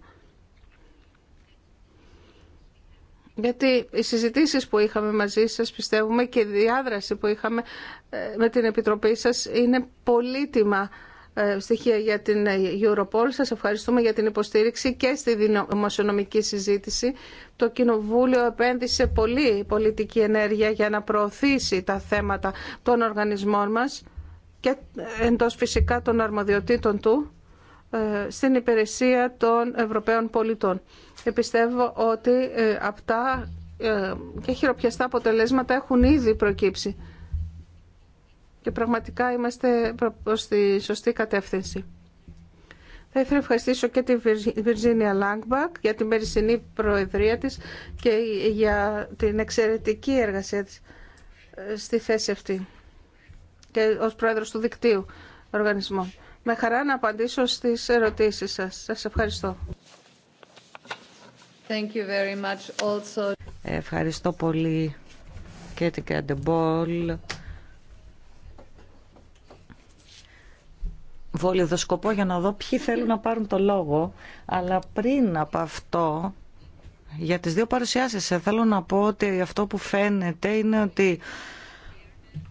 Γιατί οι συζητήσεις που είχαμε μαζί σας, πιστεύουμε, και η διάδραση που είχαμε ε, με την Επιτροπή σας είναι πολύτιμα ε, στοιχεία για την ε, Europol. Σας ευχαριστούμε για την υποστήριξη και στη δημοσιονομική συζήτηση. Το Κοινοβούλιο επένδυσε πολύ πολιτική ενέργεια για να προωθήσει τα θέματα των οργανισμών μας και εντός φυσικά των αρμοδιοτήτων του ε, στην υπηρεσία των Ευρωπαίων πολιτών. Επιστεύω ότι ε, αυτά ε, και χειροπιαστά αποτελέσματα έχουν ήδη προκύψει και πραγματικά είμαστε προς τη σωστή κατεύθυνση. Θα ήθελα να ευχαριστήσω και τη Βιρζίνια Λάγκμπακ για την περσινή προεδρία της και για την εξαιρετική εργασία της στη θέση αυτή και ως πρόεδρος του δικτύου οργανισμού με χαρά να απαντήσω στις ερωτήσεις σας. Σας ευχαριστώ. Ευχαριστώ πολύ και την Καντεμπόλ. Βολιδοσκοπώ σκοπό για να δω ποιοι θέλουν να πάρουν το λόγο. Αλλά πριν από αυτό, για τις δύο παρουσιάσεις, ε, θέλω να πω ότι αυτό που φαίνεται είναι ότι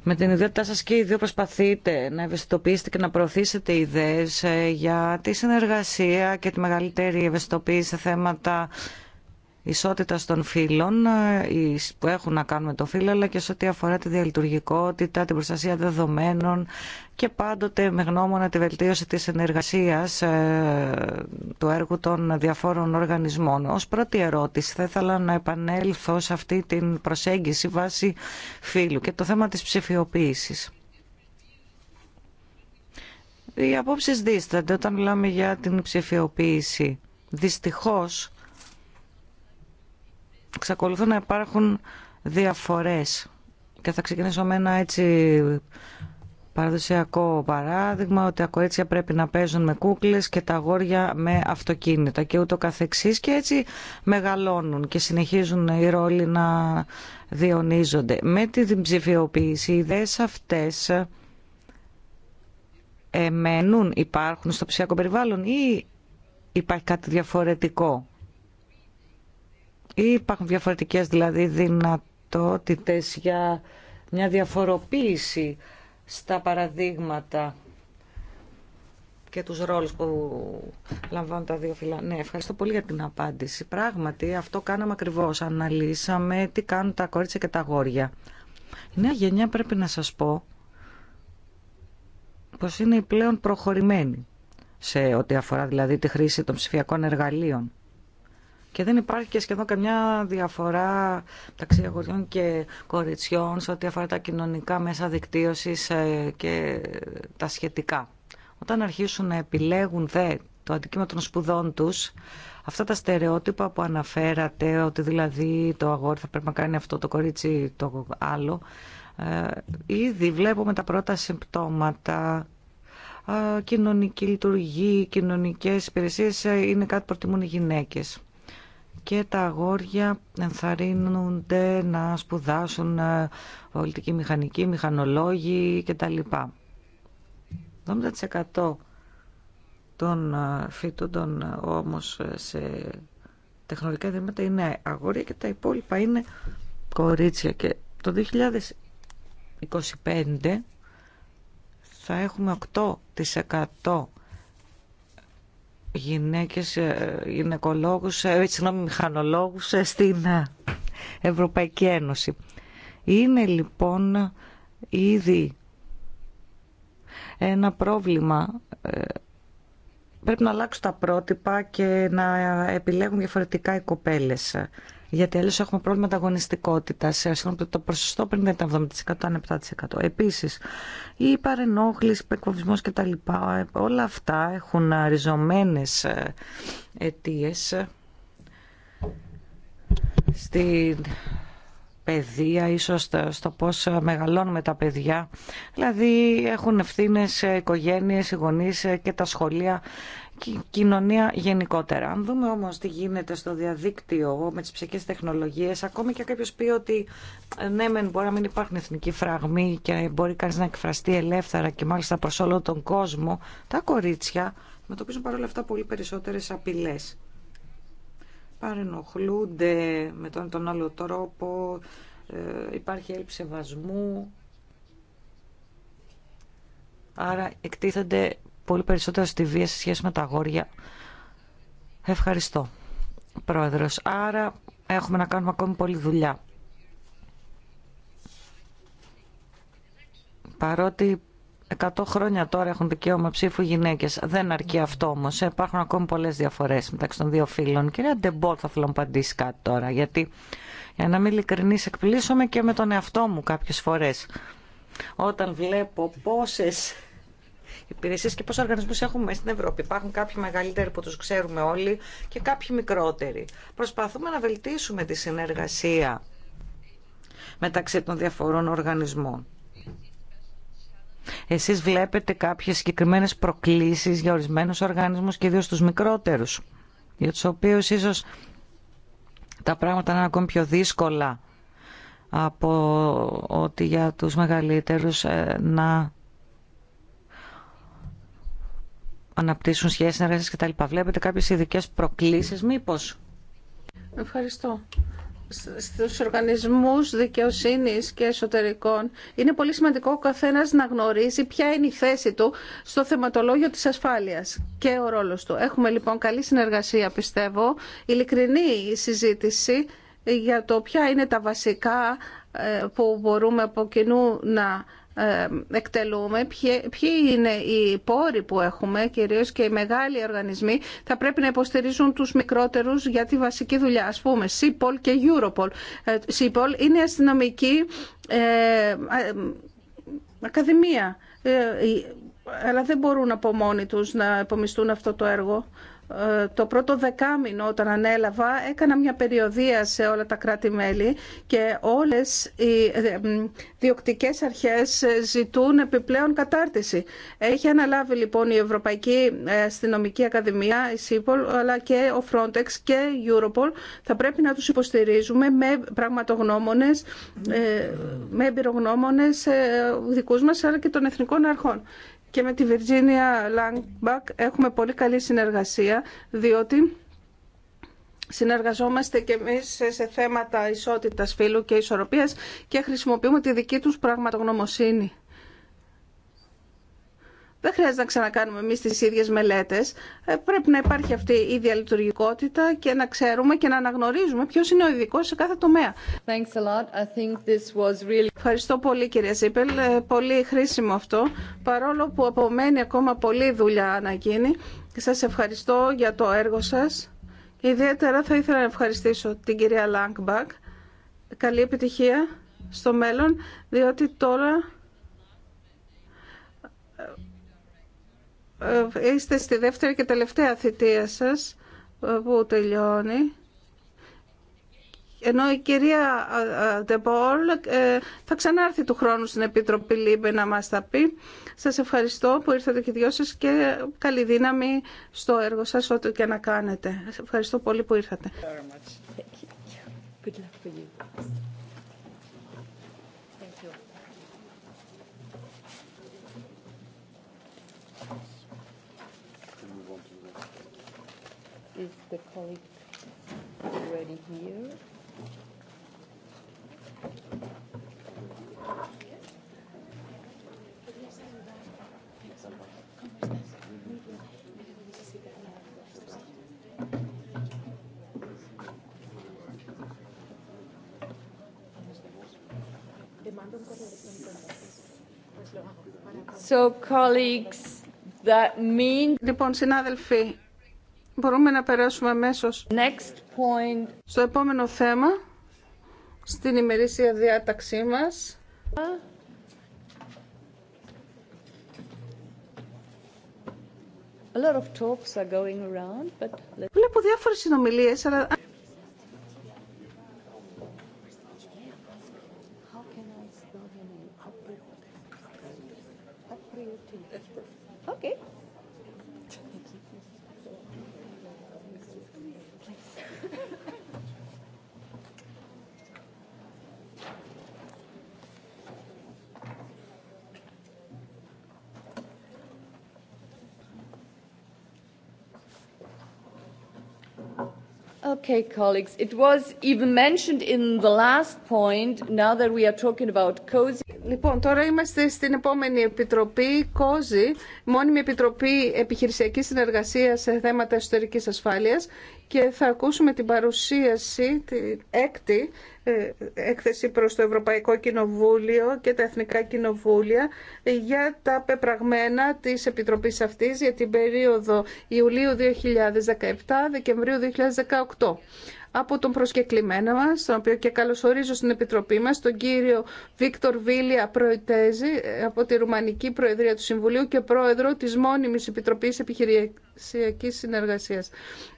με την ιδιότητά σας και οι δύο προσπαθείτε να ευαισθητοποιήσετε και να προωθήσετε ιδέες ε, για τη συνεργασία και τη μεγαλύτερη ευαισθητοποίηση σε θέματα ισότητα των φύλων ε, που έχουν να κάνουν με το φύλλο αλλά και σε ό,τι αφορά τη διαλειτουργικότητα, την προστασία δεδομένων και πάντοτε με γνώμονα τη βελτίωση της συνεργασίας ε, του έργου των διαφόρων οργανισμών. Ως πρώτη ερώτηση θα ήθελα να επανέλθω σε αυτή την προσέγγιση βάση φύλου και το θέμα της ψηφιοποίησης. Οι απόψεις δίστανται όταν μιλάμε για την ψηφιοποίηση. Δυστυχώς, εξακολουθούν να υπάρχουν διαφορές. Και θα ξεκινήσω με ένα έτσι παραδοσιακό παράδειγμα ότι τα κορίτσια πρέπει να παίζουν με κούκλες και τα αγόρια με αυτοκίνητα και ούτω καθεξής και έτσι μεγαλώνουν και συνεχίζουν οι ρόλοι να διονίζονται. Με την ψηφιοποίηση οι ιδέες αυτές μένουν, υπάρχουν στο ψηφιακό περιβάλλον ή υπάρχει κάτι διαφορετικό. Υπάρχουν διαφορετικές δηλαδή δυνατότητες για μια διαφοροποίηση στα παραδείγματα και τους ρόλους που λαμβάνουν τα δύο φύλλα. Ναι, ευχαριστώ πολύ για την απάντηση. Πράγματι, αυτό κάναμε ακριβώς. Αναλύσαμε τι κάνουν τα κορίτσια και τα αγόρια. Η νέα γενιά πρέπει να σας πω πως είναι η πλέον προχωρημένη σε ό,τι αφορά δηλαδή, τη χρήση των ψηφιακών εργαλείων. Και δεν υπάρχει και σχεδόν καμιά διαφορά μεταξύ αγοριών και κοριτσιών σε ό,τι αφορά τα κοινωνικά μέσα δικτύωσης ε, και τα σχετικά. Όταν αρχίσουν να επιλέγουν δε το αντικείμενο των σπουδών τους, αυτά τα στερεότυπα που αναφέρατε, ότι δηλαδή το αγόρι θα πρέπει να κάνει αυτό, το κορίτσι το άλλο, ε, ήδη βλέπουμε τα πρώτα συμπτώματα ε, κοινωνική λειτουργή, κοινωνικές υπηρεσίες είναι κάτι που προτιμούν οι γυναίκες και τα αγόρια ενθαρρύνονται να σπουδάσουν ε, πολιτική μηχανική, μηχανολόγοι κτλ. 70% των ε, φοιτούντων ε, όμως σε τεχνολογικά ιδρύματα είναι αγόρια και τα υπόλοιπα είναι κορίτσια. Και το 2025 θα έχουμε 8% γυναίκες, ε, γυναικολόγους, ε, ε, συγγνώμη, μηχανολόγους στην Ευρωπαϊκή Ένωση. Είναι λοιπόν ήδη ένα πρόβλημα. Πρέπει να αλλάξουν τα πρότυπα και να επιλέγουν διαφορετικά οι κοπέλες γιατί αλλιώ έχουμε πρόβλημα ανταγωνιστικότητα. Ε, το ποσοστό πριν δεν ήταν 70%, ήταν 7%. Επίση, η παρενόχληση, ο κτλ. Ε, όλα αυτά έχουν ριζωμένε ε, αιτίε στην παιδεία, ίσως στο πώς μεγαλώνουμε τα παιδιά. Δηλαδή έχουν ευθύνες οικογένειες, οι γονείς και τα σχολεία κοινωνία γενικότερα. Αν δούμε όμω τι γίνεται στο διαδίκτυο με τι ψυχικέ τεχνολογίε, ακόμη και κάποιο πει ότι ε, ναι μεν μπορεί να μην υπάρχουν εθνικοί φραγμοί και μπορεί κανεί να εκφραστεί ελεύθερα και μάλιστα προ όλο τον κόσμο, τα κορίτσια μετωπίζουν παρόλα αυτά πολύ περισσότερε απειλέ. Παρενοχλούνται με τον, άλλο τρόπο, ε, υπάρχει έλλειψη σεβασμού, άρα εκτίθενται πολύ περισσότερο στη βία σε σχέση με τα αγόρια. Ευχαριστώ, Πρόεδρος. Άρα έχουμε να κάνουμε ακόμη πολλή δουλειά. Παρότι 100 χρόνια τώρα έχουν δικαίωμα ψήφου γυναίκε. Δεν αρκεί αυτό όμω. Υπάρχουν ακόμη πολλέ διαφορέ μεταξύ των δύο φίλων. Κυρία Ντεμπόλ, θα θέλω να απαντήσει κάτι τώρα. Γιατί, για να μην ειλικρινή, εκπλήσωμαι και με τον εαυτό μου κάποιε φορέ. Όταν βλέπω πόσε υπηρεσίε και πόσου οργανισμού έχουμε στην Ευρώπη. Υπάρχουν κάποιοι μεγαλύτεροι που του ξέρουμε όλοι και κάποιοι μικρότεροι. Προσπαθούμε να βελτίσουμε τη συνεργασία μεταξύ των διαφορών οργανισμών. Εσείς βλέπετε κάποιες συγκεκριμένες προκλήσεις για ορισμένους οργανισμούς και ιδίως τους μικρότερους, για τους οποίους ίσως τα πράγματα είναι ακόμη πιο δύσκολα από ότι για τους μεγαλύτερους ε, να αναπτύσσουν σχέσεις τα κτλ. Βλέπετε κάποιες ειδικέ προκλήσεις μήπως. Ευχαριστώ. Στους οργανισμούς δικαιοσύνης και εσωτερικών είναι πολύ σημαντικό ο καθένας να γνωρίζει ποια είναι η θέση του στο θεματολόγιο της ασφάλειας και ο ρόλος του. Έχουμε λοιπόν καλή συνεργασία πιστεύω, ειλικρινή συζήτηση για το ποια είναι τα βασικά ε, που μπορούμε από κοινού να ε, εκτελούμε, ποιοι είναι οι πόροι που έχουμε, κυρίως και οι μεγάλοι οργανισμοί, θα πρέπει να υποστηρίζουν τους μικρότερους για τη βασική δουλειά. Ας πούμε, ΣΥΠΟΛ και Europol. Ε, ΣΥΠΟΛ είναι αστυνομική ε, ε ακαδημία αλλά δεν μπορούν από μόνοι τους να επομιστούν αυτό το έργο. Ε, το πρώτο δεκάμινο όταν ανέλαβα έκανα μια περιοδία σε όλα τα κράτη-μέλη και όλες οι ε, διοκτικές αρχές ζητούν επιπλέον κατάρτιση. Έχει αναλάβει λοιπόν η Ευρωπαϊκή ε, Αστυνομική Ακαδημία, η ΣΥΠΟΛ, αλλά και ο Frontex και η Europol. Θα πρέπει να τους υποστηρίζουμε με πραγματογνώμονες, με εμπειρογνώμονες δικούς μας αλλά και των εθνικών αρχών και με τη Virginia Langback έχουμε πολύ καλή συνεργασία, διότι συνεργαζόμαστε και εμείς σε θέματα ισότητας φύλου και ισορροπίας και χρησιμοποιούμε τη δική τους πραγματογνωμοσύνη. Δεν χρειάζεται να ξανακάνουμε εμεί τι ίδιε μελέτε. Ε, πρέπει να υπάρχει αυτή η διαλειτουργικότητα και να ξέρουμε και να αναγνωρίζουμε ποιο είναι ο ειδικό σε κάθε τομέα. Ευχαριστώ πολύ, κυρία Σίπελ. Ε, πολύ χρήσιμο αυτό. Παρόλο που απομένει ακόμα πολλή δουλειά να γίνει. Σα ευχαριστώ για το έργο σα. Ιδιαίτερα θα ήθελα να ευχαριστήσω την κυρία Λάγκμπακ. Καλή επιτυχία στο μέλλον, διότι τώρα Ε, είστε στη δεύτερη και τελευταία θητεία σας ε, που τελειώνει ενώ η κυρία Ντεμπόλ ε, θα ξανάρθει του χρόνου στην Επιτροπή Λίμπε να μας τα πει. Σας ευχαριστώ που ήρθατε και δυο σας και καλή δύναμη στο έργο σας ό,τι και να κάνετε. Σας ευχαριστώ πολύ που ήρθατε. the colleague already here. So, colleagues, that means... Λοιπόν, συνάδελφοι, Μπορούμε να περάσουμε αμέσω στο επόμενο θέμα, στην ημερήσια διάταξή μας. A Βλέπω διάφορες συνομιλίες, αλλά Okay, colleagues, it was even mentioned in the last point, now that we are talking about cozy. Λοιπόν, τώρα είμαστε στην επόμενη επιτροπή, ΚΟΖΗ, μόνιμη επιτροπή επιχειρησιακής συνεργασίας σε θέματα εσωτερική ασφάλειας και θα ακούσουμε την παρουσίαση, την έκτη ε, έκθεση προς το Ευρωπαϊκό Κοινοβούλιο και τα Εθνικά Κοινοβούλια για τα πεπραγμένα της Επιτροπής αυτής για την περίοδο Ιουλίου 2017-Δεκεμβρίου 2018 από τον προσκεκλημένα μας, τον οποίο και καλωσορίζω στην Επιτροπή μας, τον κύριο Βίκτορ Βίλια Προετέζη από τη Ρουμανική Προεδρία του Συμβουλίου και πρόεδρο της Μόνιμης Επιτροπής Επιχειρησιακή συνεργασία.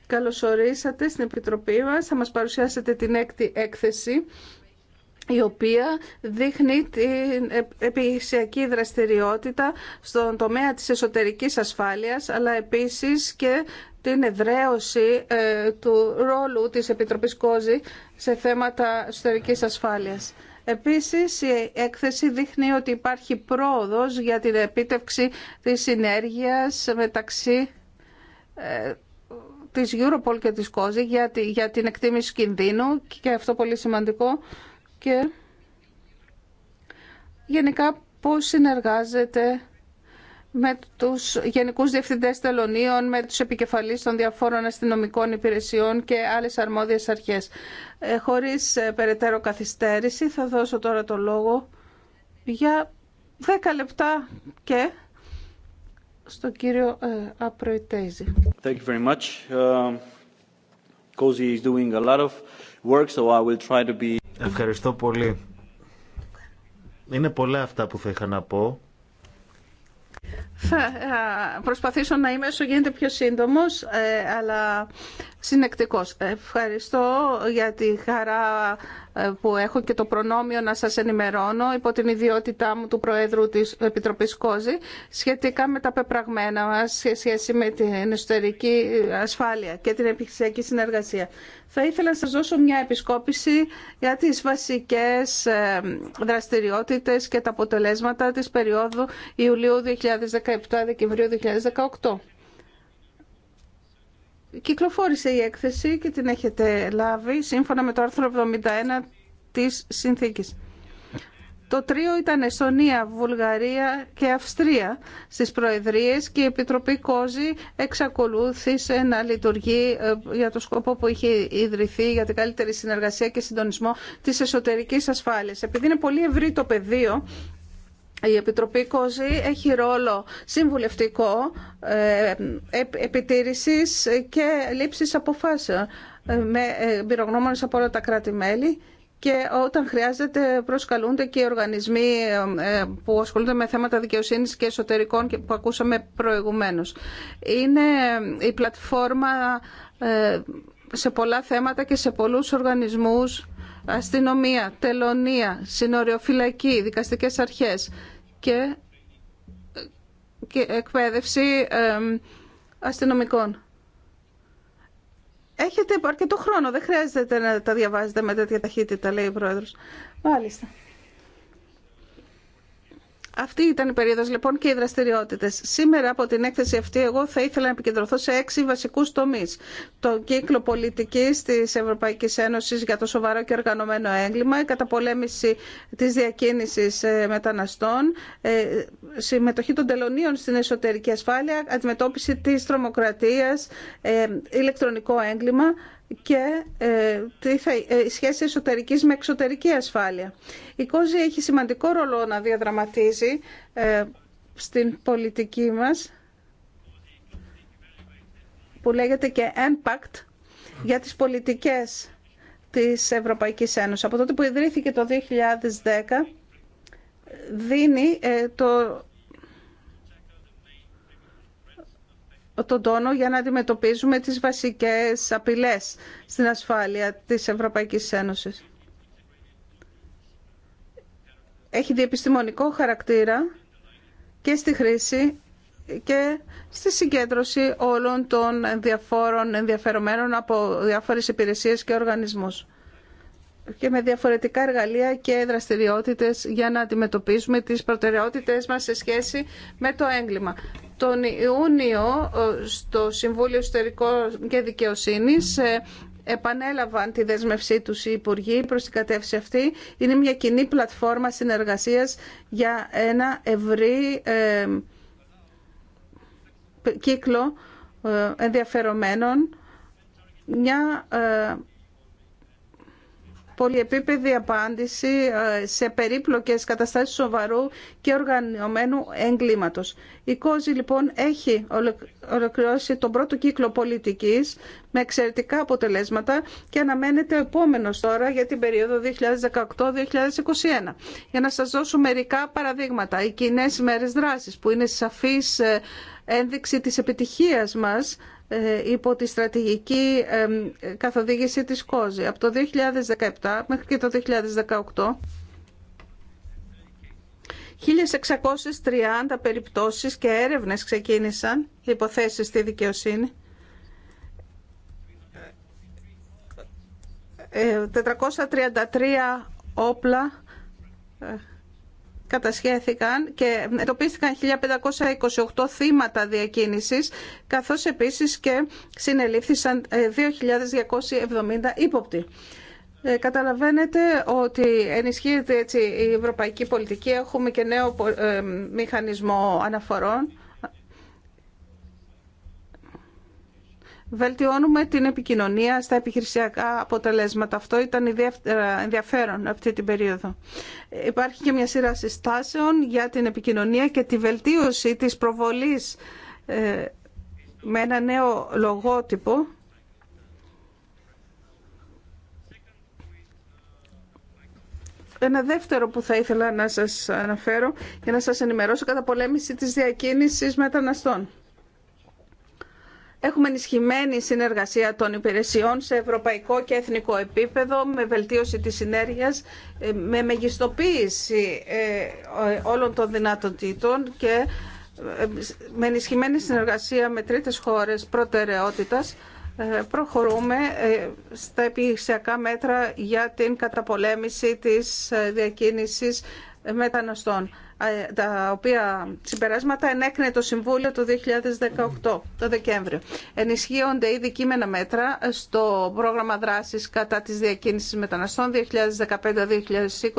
Καλωσορίσατε στην Επιτροπή μας, θα μας παρουσιάσετε την έκτη έκθεση η οποία δείχνει την επιχειρησιακή δραστηριότητα στον τομέα της εσωτερικής ασφάλειας, αλλά επίσης και την εδραίωση ε, του ρόλου της Επιτροπής Κόζη σε θέματα εσωτερικής ασφάλειας. Επίσης, η έκθεση δείχνει ότι υπάρχει πρόοδος για την επίτευξη της συνέργειας μεταξύ ε, της Europol και της Κόζη για, την εκτίμηση κινδύνου και αυτό πολύ σημαντικό και γενικά πώς συνεργάζεται με τους γενικούς διευθυντές τελωνίων, με τους επικεφαλείς των διαφόρων αστυνομικών υπηρεσιών και άλλες αρμόδιες αρχές. Ε, χωρίς ε, περαιτέρω καθυστέρηση θα δώσω τώρα το λόγο για 10 λεπτά και στον κύριο ε, Απροϊτέζη. Thank you very much. Uh, is doing a lot of work, so I will try to be... Ευχαριστώ πολύ. Είναι πολλά αυτά που θα είχα να πω. Θα προσπαθήσω να είμαι όσο γίνεται πιο σύντομος, ε, αλλά συνεκτικός. Ευχαριστώ για τη χαρά ε, που έχω και το προνόμιο να σας ενημερώνω υπό την ιδιότητά μου του Προέδρου της Επιτροπής Κόζη σχετικά με τα πεπραγμένα μας σε σχέση με την εσωτερική ασφάλεια και την επιχειρησιακή συνεργασία. Θα ήθελα να σας δώσω μια επισκόπηση για τις βασικές ε, δραστηριότητες και τα αποτελέσματα της περίοδου Ιουλίου 2019. 17 Δεκεμβρίου 2018. Κυκλοφόρησε η έκθεση και την έχετε λάβει σύμφωνα με το άρθρο 71 της συνθήκης. Το τρίο ήταν Εστονία, Βουλγαρία και Αυστρία στις Προεδρίες και η Επιτροπή Κόζη εξακολούθησε να λειτουργεί ε, για το σκοπό που είχε ιδρυθεί για την καλύτερη συνεργασία και συντονισμό της εσωτερικής ασφάλειας. Επειδή είναι πολύ ευρύ το πεδίο η Επιτροπή ΚΟΖΗ έχει ρόλο συμβουλευτικό ε, επιτήρησης και λήψης αποφάσεων ε, με ε, πυρογνώμονες από όλα τα κράτη-μέλη και όταν χρειάζεται προσκαλούνται και οι οργανισμοί που ασχολούνται με θέματα δικαιοσύνης και εσωτερικών και που ακούσαμε προηγουμένως. Είναι η πλατφόρμα σε πολλά θέματα και σε πολλούς οργανισμούς αστυνομία, τελωνία, συνοριοφυλακή, δικαστικές αρχές και, και εκπαίδευση αστυνομικών. Έχετε αρκετό χρόνο, δεν χρειάζεται να τα διαβάζετε με τέτοια ταχύτητα, λέει ο Πρόεδρος. Μάλιστα. Αυτή ήταν η περίοδο λοιπόν και οι δραστηριότητε. Σήμερα από την έκθεση αυτή, εγώ θα ήθελα να επικεντρωθώ σε έξι βασικού τομεί. Το κύκλο πολιτική τη Ευρωπαϊκή Ένωση για το σοβαρό και οργανωμένο έγκλημα, η καταπολέμηση τη διακίνηση ε, μεταναστών, ε, συμμετοχή των τελωνίων στην εσωτερική ασφάλεια, αντιμετώπιση τη τρομοκρατία, ε, ηλεκτρονικό έγκλημα και η ε, ε, σχέση εσωτερικής με εξωτερική ασφάλεια. Η ΚΟΖΗ έχει σημαντικό ρόλο να διαδραματίζει ε, στην πολιτική μας που λέγεται και impact για τις πολιτικές της Ευρωπαϊκής Ένωσης. Από τότε που ιδρύθηκε το 2010 δίνει το τον για να αντιμετωπίζουμε τις βασικές απειλές στην ασφάλεια της Ευρωπαϊκής Ένωσης. Έχει διεπιστημονικό χαρακτήρα και στη χρήση και στη συγκέντρωση όλων των διαφόρων ενδιαφερομένων από διάφορες υπηρεσίες και οργανισμούς και με διαφορετικά εργαλεία και δραστηριότητες για να αντιμετωπίζουμε τις προτεραιότητες μας σε σχέση με το έγκλημα. Τον Ιούνιο ε, στο Συμβούλιο Ιστορικών και Δικαιοσύνης ε, επανέλαβαν τη δέσμευσή τους οι Υπουργοί προς την κατεύθυνση αυτή. Είναι μια κοινή πλατφόρμα συνεργασίας για ένα ευρύ ε, κύκλο ενδιαφερομένων, πολυεπίπεδη απάντηση ε, σε περίπλοκες καταστάσεις σοβαρού και οργανωμένου εγκλήματος. Η ΚΟΖΗ λοιπόν έχει ολοκληρώσει τον πρώτο κύκλο πολιτικής με εξαιρετικά αποτελέσματα και αναμένεται ο επόμενος τώρα για την περίοδο 2018-2021. Για να σας δώσω μερικά παραδείγματα, οι κοινέ μέρες δράσης που είναι σαφής ε, ένδειξη της επιτυχίας μας ε, υπό τη στρατηγική ε, καθοδήγηση της ΚΟΖΗ. Από το 2017 μέχρι και το 2018 1.630 περιπτώσεις και έρευνες ξεκίνησαν, υποθέσεις στη δικαιοσύνη. 433 ε, όπλα κατασχέθηκαν και εντοπίστηκαν 1.528 θύματα διακίνησης, καθώς επίσης και συνελήφθησαν 2.270 ε, ύποπτοι. Ε, καταλαβαίνετε ότι ενισχύεται έτσι η ευρωπαϊκή πολιτική. Έχουμε και νέο ε, μηχανισμό αναφορών βελτιώνουμε την επικοινωνία στα επιχειρησιακά αποτελέσματα. Αυτό ήταν ιδιαίτερα ε, ενδιαφέρον αυτή την περίοδο. Υπάρχει και μια σειρά συστάσεων για την επικοινωνία και τη βελτίωση της προβολής ε, με ένα νέο λογότυπο. Ένα δεύτερο που θα ήθελα να σας αναφέρω και να σας ενημερώσω κατά πολέμηση της διακίνησης μεταναστών. Έχουμε ενισχυμένη συνεργασία των υπηρεσιών σε ευρωπαϊκό και εθνικό επίπεδο με βελτίωση της συνέργειας, ε, με μεγιστοποίηση ε, όλων των δυνατοτήτων και ε, με ενισχυμένη συνεργασία με τρίτες χώρες προτεραιότητας προχωρούμε στα επιχειρησιακά μέτρα για την καταπολέμηση της διακίνησης μεταναστών. Ε, τα οποία συμπεράσματα ενέκρινε το Συμβούλιο το 2018, το Δεκέμβριο. Ενισχύονται ήδη κείμενα μέτρα στο πρόγραμμα δράσης κατά της διακίνησης μεταναστών 2015-2020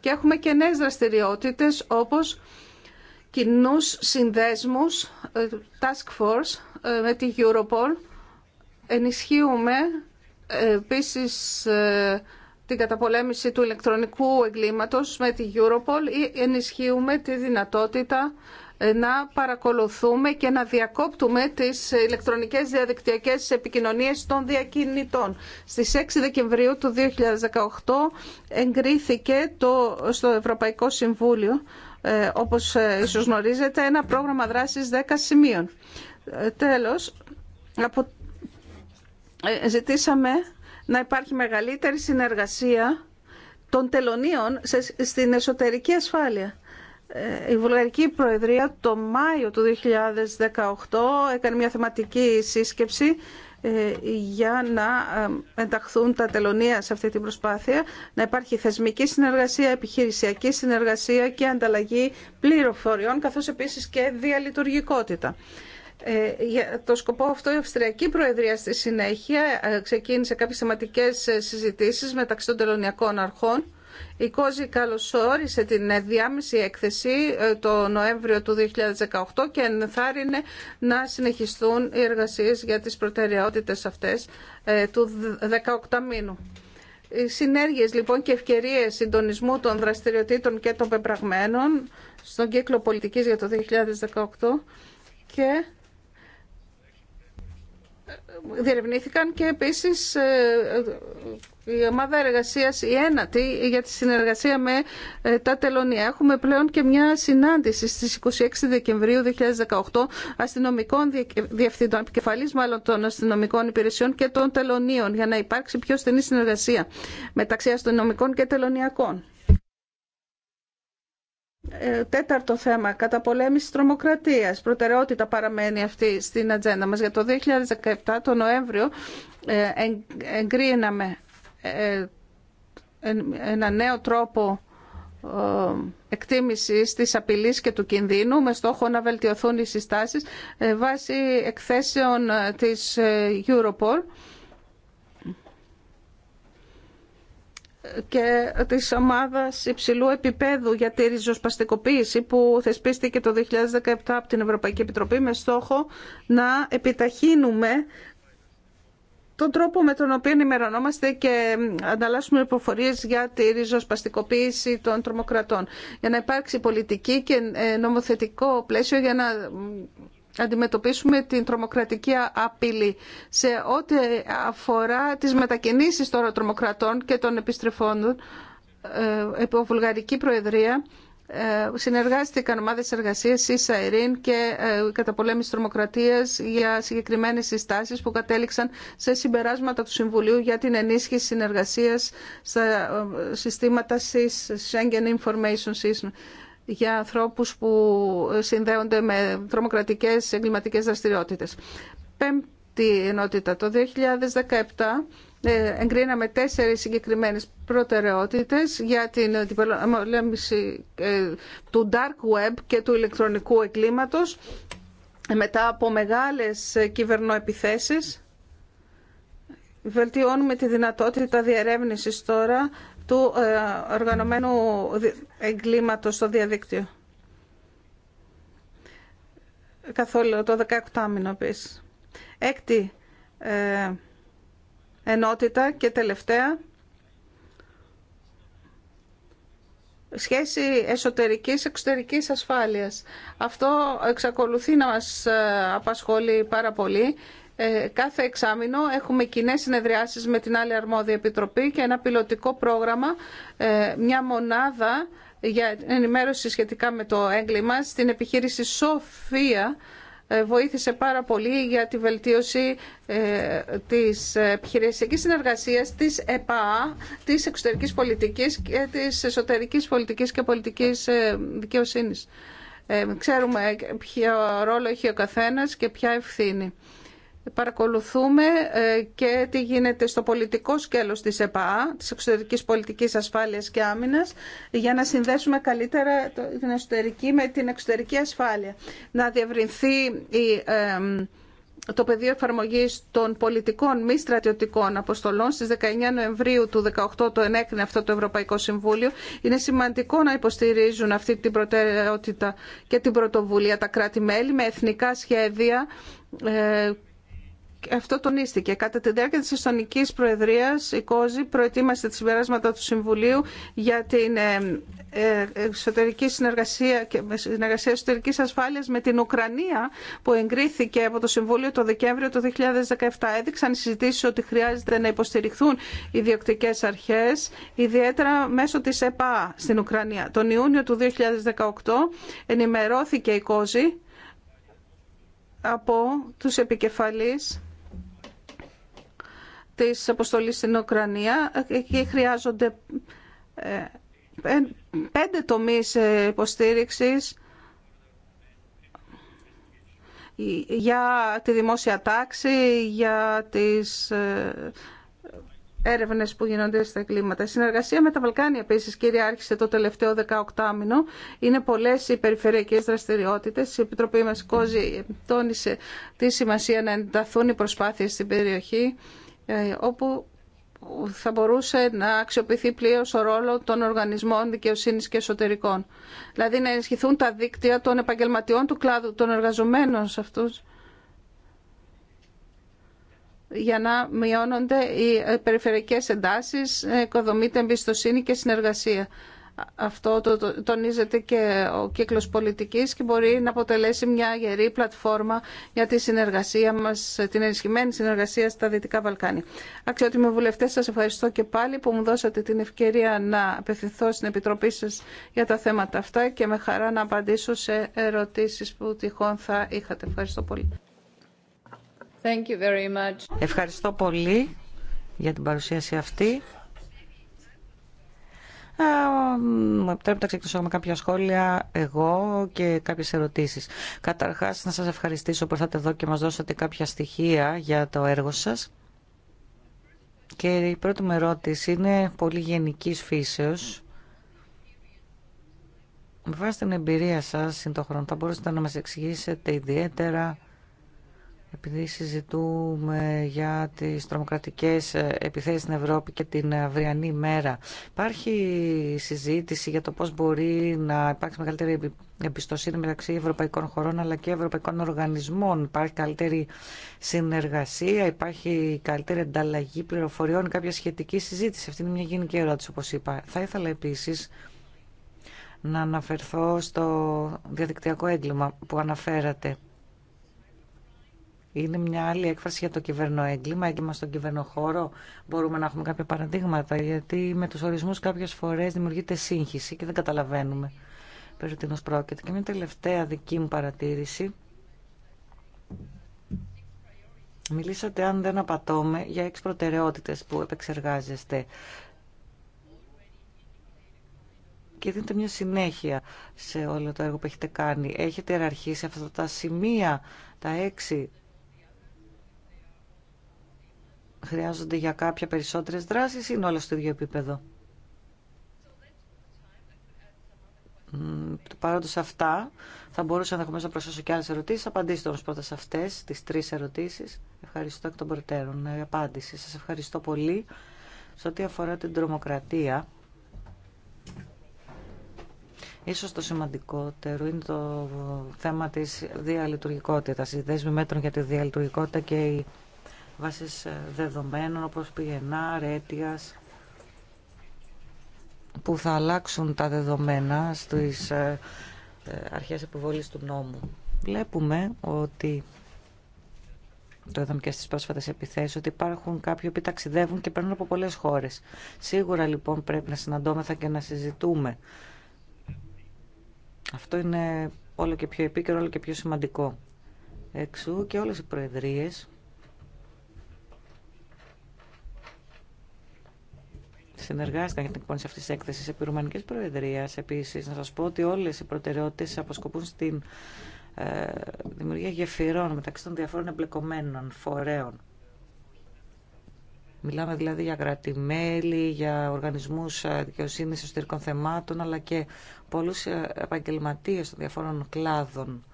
και έχουμε και νέες δραστηριότητες όπως κοινού συνδέσμους, ε, task force ε, με τη Europol. Ενισχύουμε επίσης την καταπολέμηση του ηλεκτρονικού εγκλήματος με τη Europol ή ενισχύουμε τη δυνατότητα ε, να παρακολουθούμε και να διακόπτουμε τις ηλεκτρονικές διαδικτυακές επικοινωνίες των διακινητών. Στις 6 Δεκεμβρίου του 2018 εγκρίθηκε το, στο Ευρωπαϊκό Συμβούλιο, ε, όπως ε, ίσως γνωρίζετε, ένα πρόγραμμα δράσης 10 σημείων. Ε, τέλος, ζητήσαμε να υπάρχει μεγαλύτερη συνεργασία των τελωνίων στην εσωτερική ασφάλεια. Ε, η Βουλγαρική Προεδρία το Μάιο του 2018 έκανε μια θεματική σύσκεψη ε, για να ε, ενταχθούν τα τελωνία σε αυτή την προσπάθεια, να υπάρχει θεσμική συνεργασία, επιχειρησιακή συνεργασία και ανταλλαγή πληροφοριών, καθώς επίσης και διαλειτουργικότητα. Ε, για το σκοπό αυτό η Αυστριακή Προεδρία στη συνέχεια ε, ξεκίνησε κάποιες θεματικές ε, συζητήσεις μεταξύ των τελωνιακών αρχών. Η Κόζη καλωσόρισε την διάμεση έκθεση το Νοέμβριο του 2018 και ενθάρρυνε να συνεχιστούν οι εργασίες για τις προτεραιότητες αυτές του 18 μήνου. Οι συνέργειες λοιπόν και ευκαιρίες συντονισμού των δραστηριοτήτων και των πεπραγμένων στον κύκλο πολιτικής για το 2018 και διερευνήθηκαν και επίσης ε, ε, η ομάδα εργασίας η ένατη για τη συνεργασία με ε, τα τελωνία. Έχουμε πλέον και μια συνάντηση στις 26 Δεκεμβρίου 2018 αστυνομικών διευθυντών, επικεφαλής μάλλον των αστυνομικών υπηρεσιών και των τελωνίων για να υπάρξει πιο στενή συνεργασία μεταξύ αστυνομικών και τελωνιακών. Ε, τέταρτο θέμα, καταπολέμηση τρομοκρατίας. Προτεραιότητα παραμένει αυτή στην ατζέντα μας. Για το 2017, τον Νοέμβριο, ε, εγκρίναμε ε, ένα νέο τρόπο εκτίμησης της απειλής και του κινδύνου με στόχο να βελτιωθούν οι συστάσεις βάσει εκθέσεων της Europol και της ομάδα υψηλού επίπεδου για τη ριζοσπαστικοποίηση που θεσπίστηκε το 2017 από την Ευρωπαϊκή Επιτροπή με στόχο να επιταχύνουμε τον τρόπο με τον οποίο ενημερωνόμαστε και ανταλλάσσουμε υποφορίες για τη ριζοσπαστικοποίηση των τρομοκρατών. Για να υπάρξει πολιτική και νομοθετικό πλαίσιο για να αντιμετωπίσουμε την τρομοκρατική απειλή σε ό,τι αφορά τις μετακινήσεις των τρομοκρατών και των επιστρεφόντων ε, Βουλγαρική Προεδρία ε, συνεργάστηκαν ομάδες εργασίας ΣΥΣΑ ΕΡΗΝ και ε, καταπολέμηση τρομοκρατίας για συγκεκριμένες συστάσεις που κατέληξαν σε συμπεράσματα του Συμβουλίου για την ενίσχυση συνεργασίας στα ε, συστήματα SIS, Schengen Information System για ανθρώπους που συνδέονται με τρομοκρατικές εγκληματικές δραστηριότητες. Πέμπτη ενότητα. Το 2017 ε, εγκρίναμε τέσσερις συγκεκριμένες προτεραιότητες για την ε, πολέμηση ε, του dark web και του ηλεκτρονικού εγκλήματος μετά από μεγάλες κυβερνοεπιθέσεις. Βελτιώνουμε τη δυνατότητα διερεύνησης τώρα του ε, οργανωμένου εγκλήματος στο διαδίκτυο. Καθόλου το 18 μήνο επίσης. Έκτη ε, ενότητα και τελευταία σχέση εσωτερικής εξωτερικής ασφάλειας. Αυτό εξακολουθεί να μας ε, απασχολεί πάρα πολύ ε, κάθε εξάμεινο έχουμε κοινέ συνεδριάσεις με την άλλη αρμόδια επιτροπή και ένα πιλωτικό πρόγραμμα, ε, μια μονάδα για ενημέρωση σχετικά με το έγκλημα στην επιχείρηση Σοφία ε, βοήθησε πάρα πολύ για τη βελτίωση της επιχειρησιακής συνεργασίας της ΕΠΑ, της εξωτερικής πολιτικής και της εσωτερικής πολιτικής και πολιτικής δικαιοσύνης. Ξέρουμε ποιο ρόλο έχει ο καθένας και ποια ευθύνη. Παρακολουθούμε ε, και τι γίνεται στο πολιτικό σκέλος της ΕΠΑ, της Εξωτερικής Πολιτικής Ασφάλειας και Άμυνας, για να συνδέσουμε καλύτερα την εσωτερική με την εξωτερική ασφάλεια. Να διευρυνθεί η, το πεδίο εφαρμογής των πολιτικών μη στρατιωτικών αποστολών στις 19 Νοεμβρίου του 2018 το ενέκρινε αυτό το Ευρωπαϊκό Συμβούλιο. Είναι σημαντικό να υποστηρίζουν αυτή την προτεραιότητα και την πρωτοβουλία τα κράτη-μέλη με εθνικά σχέδια ε, αυτό τονίστηκε. Κατά τη διάρκεια τη Ιστονικής Προεδρία, η ΚΟΖΗ προετοίμασε τις συμπεράσματα του Συμβουλίου για την εξωτερική ε, συνεργασία και συνεργασία εσωτερική ασφάλειας με την Ουκρανία που εγκρίθηκε από το Συμβούλιο το Δεκέμβριο του 2017. Έδειξαν οι συζητήσεις ότι χρειάζεται να υποστηριχθούν οι διοκτικέ αρχέ, ιδιαίτερα μέσω τη ΕΠΑ στην Ουκρανία. Τον Ιούνιο του 2018 ενημερώθηκε η ΚΟΖΗ από τους επικεφαλείς της αποστολής στην Ουκρανία. και χρειάζονται ε, πέντε τομείς ε, υποστήριξης για τη δημόσια τάξη, για τις ε, έρευνες που γίνονται στα κλίματα. Η συνεργασία με τα Βαλκάνια επίσης κυριάρχησε το τελευταίο 18 μήνο. Είναι πολλές οι περιφερειακές δραστηριότητες. Η Επιτροπή μας κόζει τόνισε τη σημασία να ενταθούν οι προσπάθειες στην περιοχή ε, όπου θα μπορούσε να αξιοποιηθεί πλήρω ο ρόλο των οργανισμών δικαιοσύνη και εσωτερικών. Δηλαδή να ενισχυθούν τα δίκτυα των επαγγελματιών του κλάδου, των εργαζομένων σε αυτούς, για να μειώνονται οι περιφερειακές εντάσεις, οικοδομείται εμπιστοσύνη και συνεργασία αυτό το τονίζεται και ο κύκλος πολιτικής και μπορεί να αποτελέσει μια γερή πλατφόρμα για τη συνεργασία μας, την ενισχυμένη συνεργασία στα Δυτικά Βαλκάνια. Αξιότιμοι βουλευτές, σας ευχαριστώ και πάλι που μου δώσατε την ευκαιρία να απευθυνθώ στην Επιτροπή σας για τα θέματα αυτά και με χαρά να απαντήσω σε ερωτήσεις που τυχόν θα είχατε. Ευχαριστώ πολύ. Thank you very much. Ευχαριστώ πολύ για την παρουσίαση αυτή. Ε, μου επιτρέπετε να ξεκινήσω με κάποια σχόλια εγώ και κάποιες ερωτήσεις. Καταρχάς να σας ευχαριστήσω που ήρθατε εδώ και μας δώσατε κάποια στοιχεία για το έργο σας. Και η πρώτη μου ερώτηση είναι πολύ γενικής φύσεως. Με βάση την εμπειρία σας σύντοχρον θα μπορούσατε να μας εξηγήσετε ιδιαίτερα επειδή συζητούμε για τις τρομοκρατικές ε, επιθέσεις στην Ευρώπη και την ε, αυριανή μέρα, υπάρχει συζήτηση για το πώς μπορεί να υπάρξει μεγαλύτερη εμπιστοσύνη μεταξύ ευρωπαϊκών χωρών αλλά και ευρωπαϊκών οργανισμών. Υπάρχει καλύτερη συνεργασία, υπάρχει καλύτερη ανταλλαγή πληροφοριών, κάποια σχετική συζήτηση. Αυτή είναι μια γενική ερώτηση, όπως είπα. Θα ήθελα επίσης να αναφερθώ στο διαδικτυακό έγκλημα που αναφέρατε είναι μια άλλη έκφραση για το κυβερνό έγκλημα έγκλημα στον κυβερνοχώρο. Μπορούμε να έχουμε κάποια παραδείγματα, γιατί με του ορισμού κάποιε φορέ δημιουργείται σύγχυση και δεν καταλαβαίνουμε περί τίνο πρόκειται. Και μια τελευταία δική μου παρατήρηση. Μιλήσατε, αν δεν απατώμε, για έξι προτεραιότητε που επεξεργάζεστε και δίνετε μια συνέχεια σε όλο το έργο που έχετε κάνει. Έχετε εραρχήσει αυτά τα σημεία, τα έξι χρειάζονται για κάποια περισσότερες δράσεις ή είναι όλα στο ίδιο επίπεδο. Παρόντω αυτά, θα μπορούσα να προσθέσω και άλλε ερωτήσει. Απαντήστε όμω πρώτα σε αυτέ τι τρει ερωτήσει. Ευχαριστώ εκ των προτέρων. Ε, απάντηση. Σα ευχαριστώ πολύ. Σε ό,τι αφορά την τρομοκρατία, ίσως το σημαντικότερο είναι το θέμα της διαλειτουργικότητας, Οι δέσμοι μέτρων για τη διαλειτουργικότητα και η βάσεις ε, δεδομένων όπως πηγαινά, αρέτειας, που θα αλλάξουν τα δεδομένα στις ε, ε, αρχές επιβολής του νόμου. Βλέπουμε ότι το είδαμε και στις πρόσφατες επιθέσεις, ότι υπάρχουν κάποιοι που ταξιδεύουν και παίρνουν από πολλές χώρες. Σίγουρα λοιπόν πρέπει να συναντώμεθα και να συζητούμε. Αυτό είναι όλο και πιο επίκαιρο, όλο και πιο σημαντικό. Εξού και όλες οι προεδρίες συνεργάστηκαν για την εκπόνηση αυτή τη έκθεση επί Ρουμανική Προεδρία. Επίση, να σα πω ότι όλε οι προτεραιότητε αποσκοπούν στην ε, δημιουργία γεφυρών μεταξύ των διαφόρων εμπλεκομένων φορέων. Μιλάμε δηλαδή για κρατημέλη, για οργανισμού ε, δικαιοσύνη εσωτερικών θεμάτων, αλλά και πολλού ε, επαγγελματίε των διαφόρων κλάδων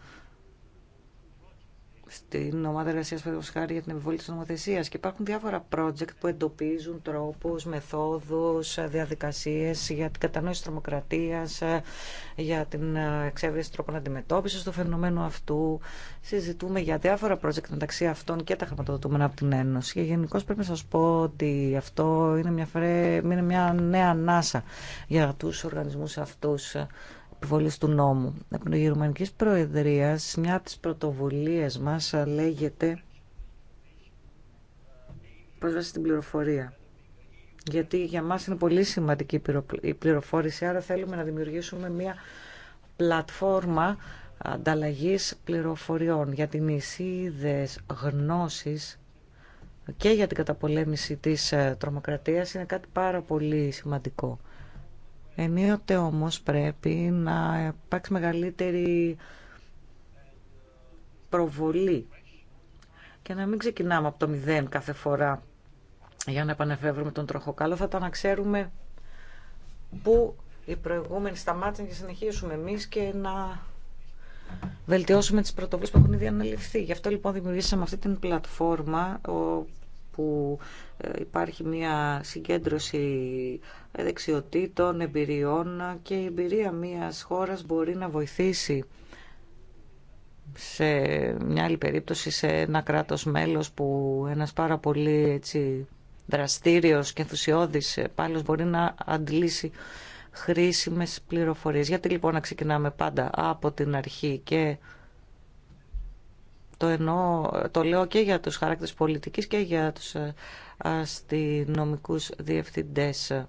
στην ομάδα εργασία Χάρη για την επιβολή τη νομοθεσία. Και υπάρχουν διάφορα project που εντοπίζουν τρόπου, μεθόδου, διαδικασίε για την κατανόηση τρομοκρατία, για την εξέβρεση τρόπων αντιμετώπιση του φαινομένου αυτού. Συζητούμε για διάφορα project μεταξύ αυτών και τα χρηματοδοτούμενα από την Ένωση. Και γενικώ πρέπει να σα πω ότι αυτό είναι μια, φρέ... είναι μια νέα ανάσα για του οργανισμού αυτού επιβολής του νόμου. Από την Γερμανική Προεδρία, μια από τις πρωτοβουλίες μας λέγεται πρόσβαση στην πληροφορία. Γιατί για μας είναι πολύ σημαντική η πληροφόρηση, άρα θέλουμε να δημιουργήσουμε μια πλατφόρμα ανταλλαγή πληροφοριών για την εισίδες γνώσης και για την καταπολέμηση της ε, τρομοκρατίας είναι κάτι πάρα πολύ σημαντικό. Ενίοτε όμως πρέπει να υπάρξει μεγαλύτερη προβολή και να μην ξεκινάμε από το μηδέν κάθε φορά για να επανεφεύρουμε τον τροχό. Καλό θα ήταν να ξέρουμε πού οι προηγούμενοι σταμάτησαν και συνεχίσουμε εμείς και να βελτιώσουμε τις πρωτοβουλίες που έχουν ήδη αναλυφθεί. Γι' αυτό λοιπόν δημιουργήσαμε αυτή την πλατφόρμα που ε, υπάρχει μια συγκέντρωση ε, δεξιοτήτων, εμπειριών και η εμπειρία μιας χώρας μπορεί να βοηθήσει σε μια άλλη περίπτωση σε ένα κράτος μέλος που ένας πάρα πολύ έτσι, δραστήριος και ενθουσιώδης πάλι μπορεί να αντλήσει χρήσιμες πληροφορίες. Γιατί λοιπόν να ξεκινάμε πάντα από την αρχή και το, εννοώ, το λέω και για τους χαράκτες πολιτικής και για τους ε, αστυνομικούς διευθυντές.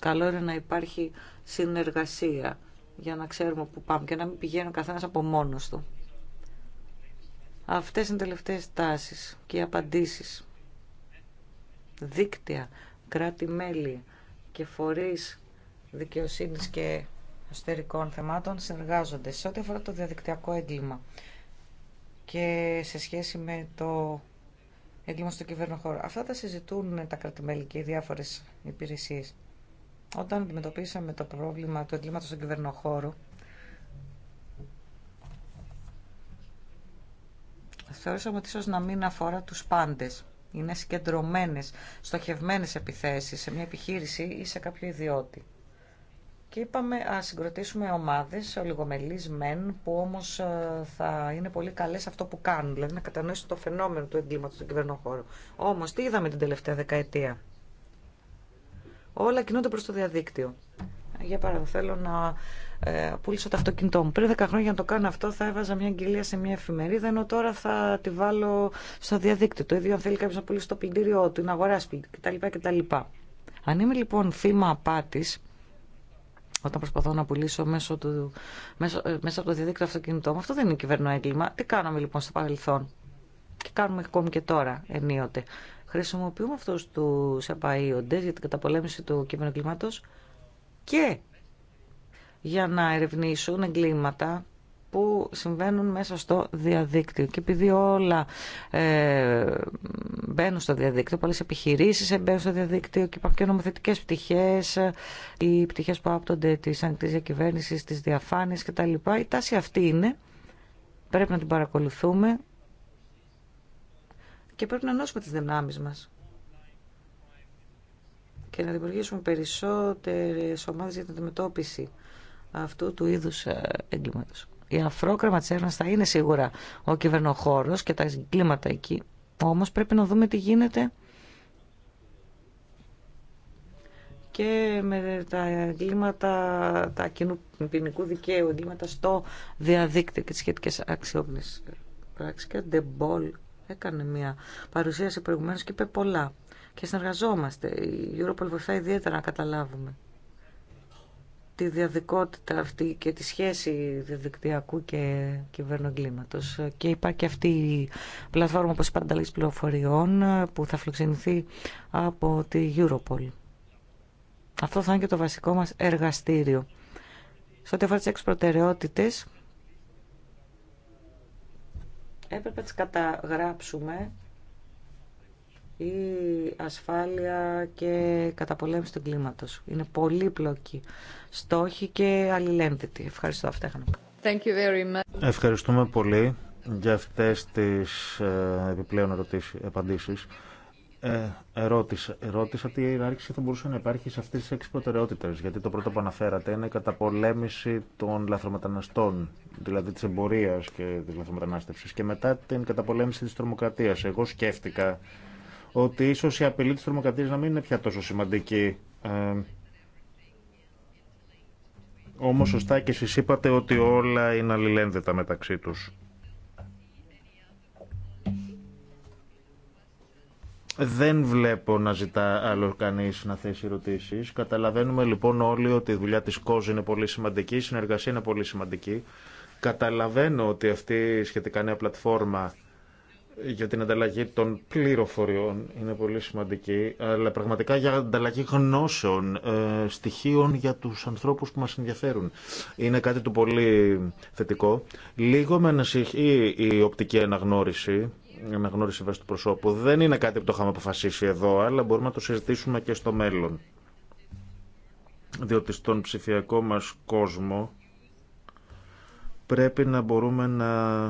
Καλό είναι να υπάρχει συνεργασία για να ξέρουμε πού πάμε και να μην πηγαίνει ο καθένας από μόνος του. Αυτές είναι οι τελευταίες τάσεις και οι απαντήσεις. Δίκτυα, κράτη-μέλη και φορείς Δικαιοσύνη και εσωτερικών θεμάτων συνεργάζονται σε ό,τι αφορά το διαδικτυακό έγκλημα και σε σχέση με το έγκλημα στο κυβέρνοχώρο. Αυτά τα συζητούν τα κρατημέλη και οι διάφορες υπηρεσίες. Όταν αντιμετωπίσαμε το πρόβλημα του έγκληματος στον κυβέρνοχώρο, θεώρησαμε ότι ίσως να μην αφορά τους πάντες. Είναι συγκεντρωμένες, στοχευμένες επιθέσεις σε μια επιχείρηση ή σε κάποιο ιδιώτη. Και είπαμε να συγκροτήσουμε ομάδε ολιγομελεί μεν, που όμω ε, θα είναι πολύ καλέ σε αυτό που κάνουν, δηλαδή να κατανοήσουν το φαινόμενο του εγκλήματος στον χώρο. Όμω, τι είδαμε την τελευταία δεκαετία. Όλα κινούνται προ το διαδίκτυο. Για παράδειγμα, θέλω να ε, το αυτοκίνητό μου. Πριν 10 χρόνια για να το κάνω αυτό θα έβαζα μια αγγελία σε μια εφημερίδα, ενώ τώρα θα τη βάλω στο διαδίκτυο. Το ίδιο αν θέλει κάποιο να πουλήσει το πλυντήριό του να αγοράσει κτλ. κτλ. Αν είμαι λοιπόν θύμα απάτη όταν προσπαθώ να πουλήσω μέσω, του, μέσω, ε, μέσα από το διαδίκτυο αυτοκινητό μου. Αυτό δεν είναι κυβερνό έγκλημα. Τι κάναμε λοιπόν στο παρελθόν και κάνουμε ακόμη και τώρα ενίοτε. Χρησιμοποιούμε αυτού του επαείοντε για την καταπολέμηση του κυβερνοκλήματο και για να ερευνήσουν εγκλήματα που συμβαίνουν μέσα στο διαδίκτυο. Και επειδή όλα ε, μπαίνουν στο διαδίκτυο, Πολλέ επιχειρήσεις μπαίνουν στο διαδίκτυο και υπάρχουν και νομοθετικέ πτυχές, οι πτυχές που άπτονται τη ανοιχτή διακυβέρνηση, της διαφάνειας κτλ. Η τάση αυτή είναι, πρέπει να την παρακολουθούμε και πρέπει να ενώσουμε τις δυνάμεις μας και να δημιουργήσουμε περισσότερες ομάδες για την αντιμετώπιση αυτού του είδους ε, εγκλήματος η αφρόκρεμα της έρευνας θα είναι σίγουρα ο κυβερνοχώρος και τα εγκλήματα εκεί. Όμως πρέπει να δούμε τι γίνεται και με τα εγκλήματα τα κοινού ποινικού δικαίου, εγκλήματα στο διαδίκτυο και τις σχετικές αξιόπινες πράξεις. Και ο Ντεμπόλ έκανε μια παρουσίαση προηγουμένως και είπε πολλά. Και συνεργαζόμαστε. Η Europol βοηθάει ιδιαίτερα να καταλάβουμε τη διαδικότητα αυτή και τη σχέση διαδικτυακού και κυβερνογκλήματος. Και υπάρχει και αυτή η πλατφόρμα, όπως είπα, ανταλλαγής πληροφοριών που θα φιλοξενηθεί από τη Europol. Αυτό θα είναι και το βασικό μας εργαστήριο. Σε ό,τι αφορά τις έξι προτεραιότητες, έπρεπε να τις καταγράψουμε η ασφάλεια και καταπολέμηση του κλίματος. Είναι πολύπλοκοι στόχοι και αλληλένδετοι. Ευχαριστώ αυτά. Thank you very Ευχαριστούμε πολύ για αυτές τις ε, επιπλέον ερωτήσεις, Ε, ερώτησα, ερώτησα τι ιεράρχηση θα μπορούσε να υπάρχει σε αυτές τις έξι προτεραιότητες, γιατί το πρώτο που αναφέρατε είναι η καταπολέμηση των λαθρομεταναστών, δηλαδή της εμπορίας και της λαθρομετανάστευσης και μετά την καταπολέμηση της τρομοκρατίας. Εγώ σκέφτηκα ότι ίσω η απειλή τη τρομοκρατία να μην είναι πια τόσο σημαντική. Ε, όμως σωστά και εσείς είπατε ότι όλα είναι αλληλένδετα μεταξύ τους. Δεν βλέπω να ζητά άλλο κανεί να θέσει ερωτήσει. Καταλαβαίνουμε λοιπόν όλοι ότι η δουλειά τη ΚΟΖ είναι πολύ σημαντική, η συνεργασία είναι πολύ σημαντική. Καταλαβαίνω ότι αυτή η σχετικά νέα πλατφόρμα για την ανταλλαγή των πληροφοριών είναι πολύ σημαντική, αλλά πραγματικά για ανταλλαγή γνώσεων, ε, στοιχείων για τους ανθρώπους που μας ενδιαφέρουν. Είναι κάτι του πολύ θετικό. Λίγο με ανασυχεί η οπτική αναγνώριση, η αναγνώριση βάσει του προσώπου. Δεν είναι κάτι που το είχαμε αποφασίσει εδώ, αλλά μπορούμε να το συζητήσουμε και στο μέλλον. Διότι στον ψηφιακό μας κόσμο πρέπει να μπορούμε να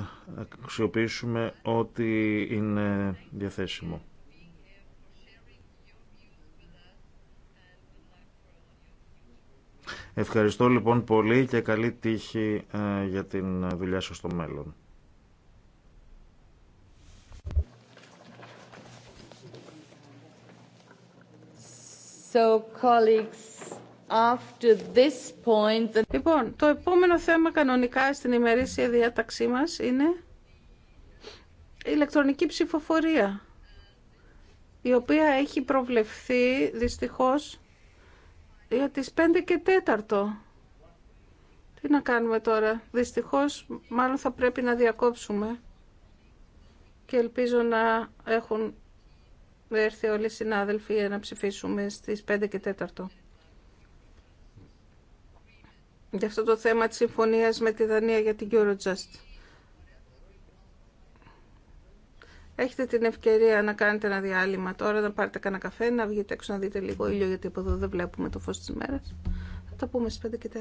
αξιοποιήσουμε ό,τι είναι διαθέσιμο. Ευχαριστώ λοιπόν πολύ και καλή τύχη ε, για την δουλειά σας στο μέλλον. So, Λοιπόν, το επόμενο θέμα κανονικά στην ημερήσια διάταξή μας είναι η ηλεκτρονική ψηφοφορία, η οποία έχει προβλεφθεί δυστυχώς για τις 5 και 4. Τι να κάνουμε τώρα, δυστυχώς μάλλον θα πρέπει να διακόψουμε και ελπίζω να έχουν έρθει όλοι οι συνάδελφοι για να ψηφίσουμε στις 5 και 4 για αυτό το θέμα της συμφωνίας με τη Δανία για την Eurojust. Έχετε την ευκαιρία να κάνετε ένα διάλειμμα τώρα, να πάρετε κανένα καφέ, να βγείτε έξω να δείτε λίγο ήλιο, γιατί από εδώ δεν βλέπουμε το φως της μέρας. Θα τα πούμε στις 5 και 4.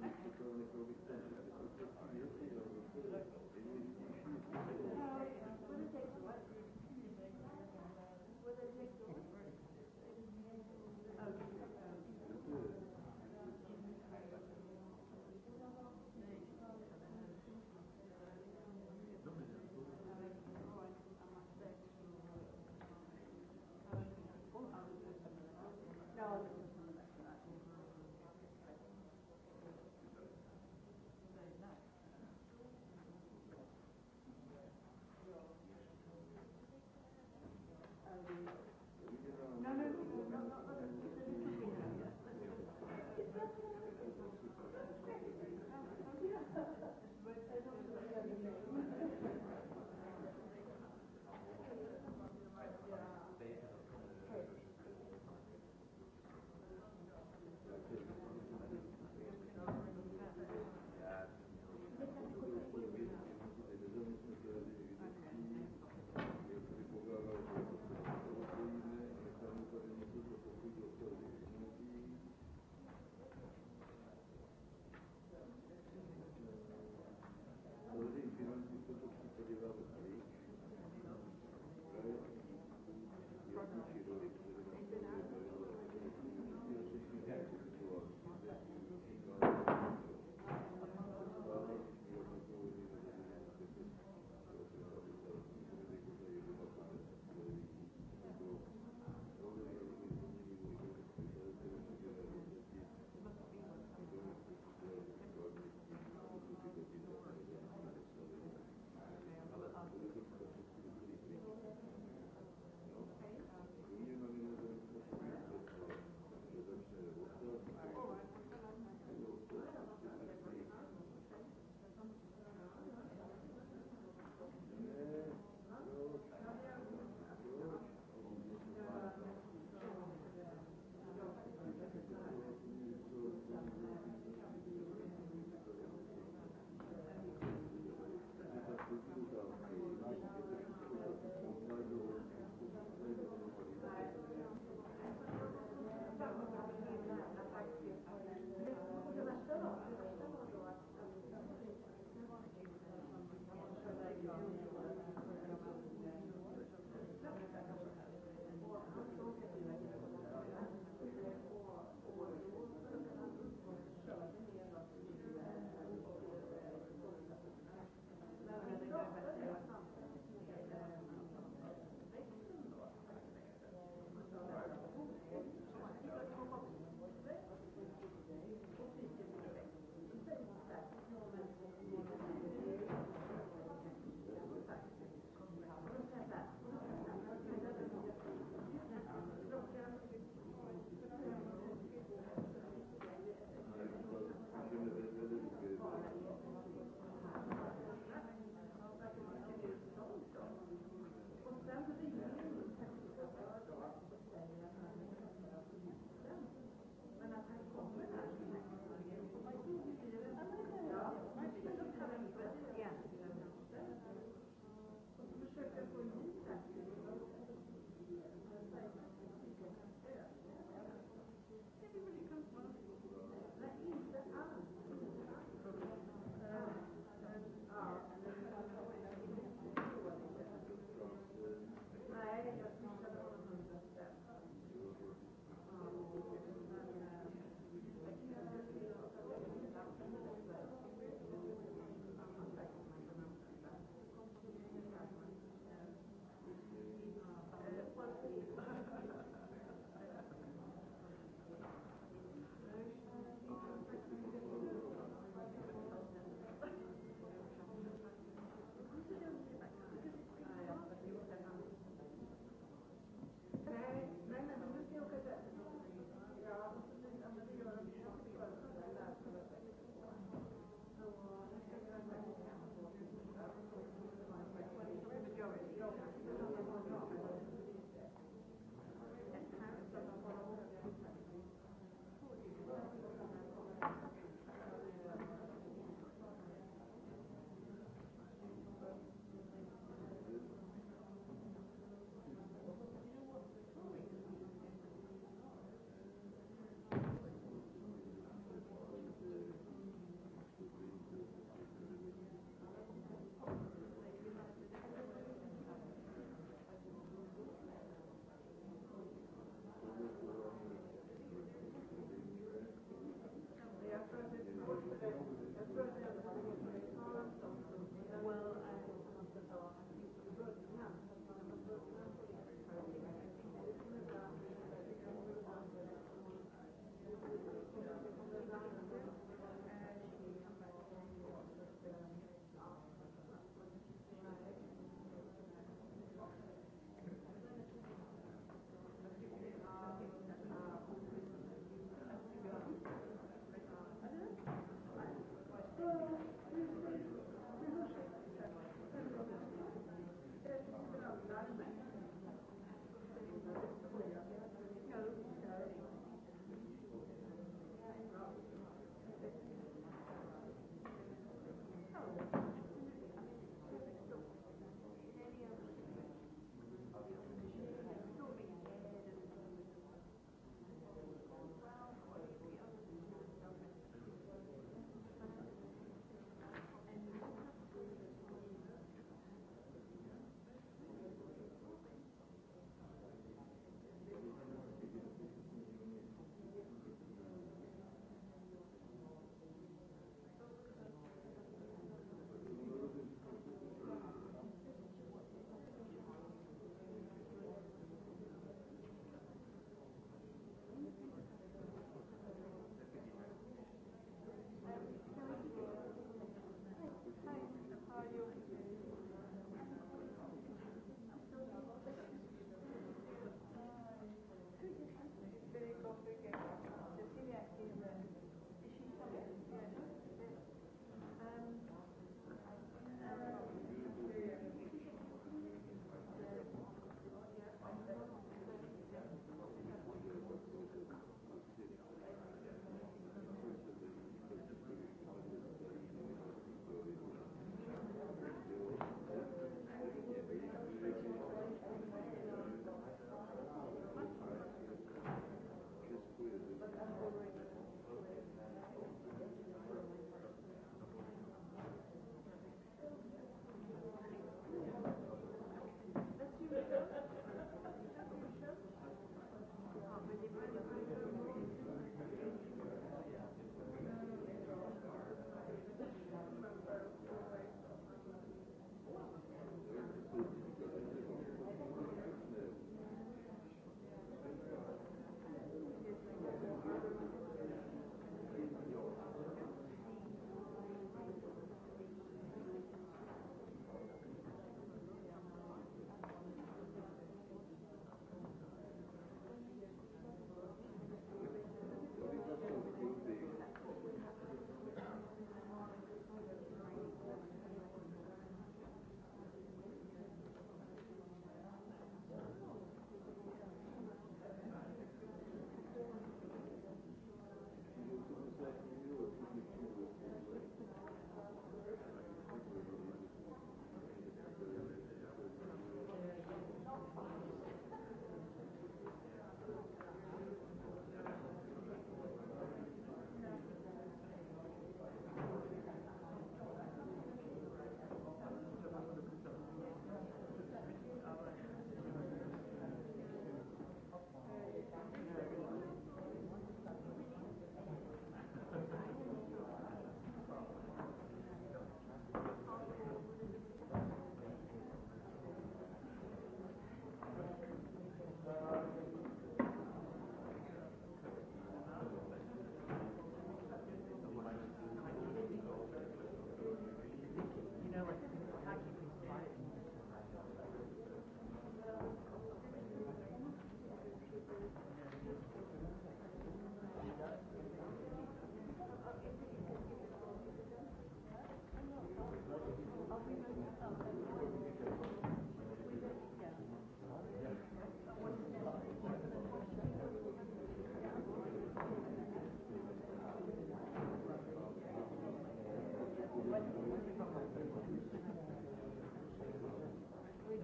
Thank you.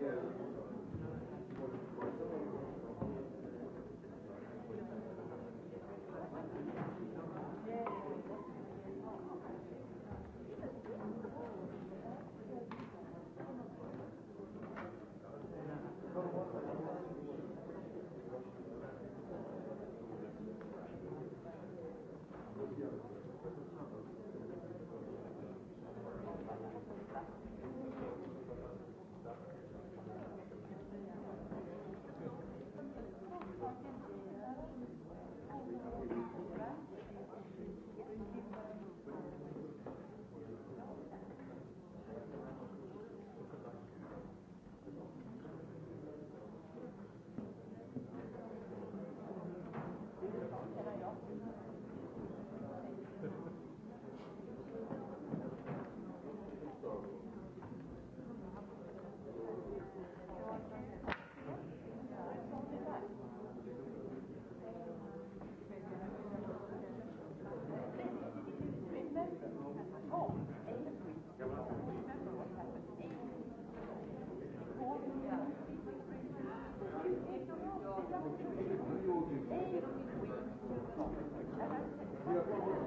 Yeah. να κάνεις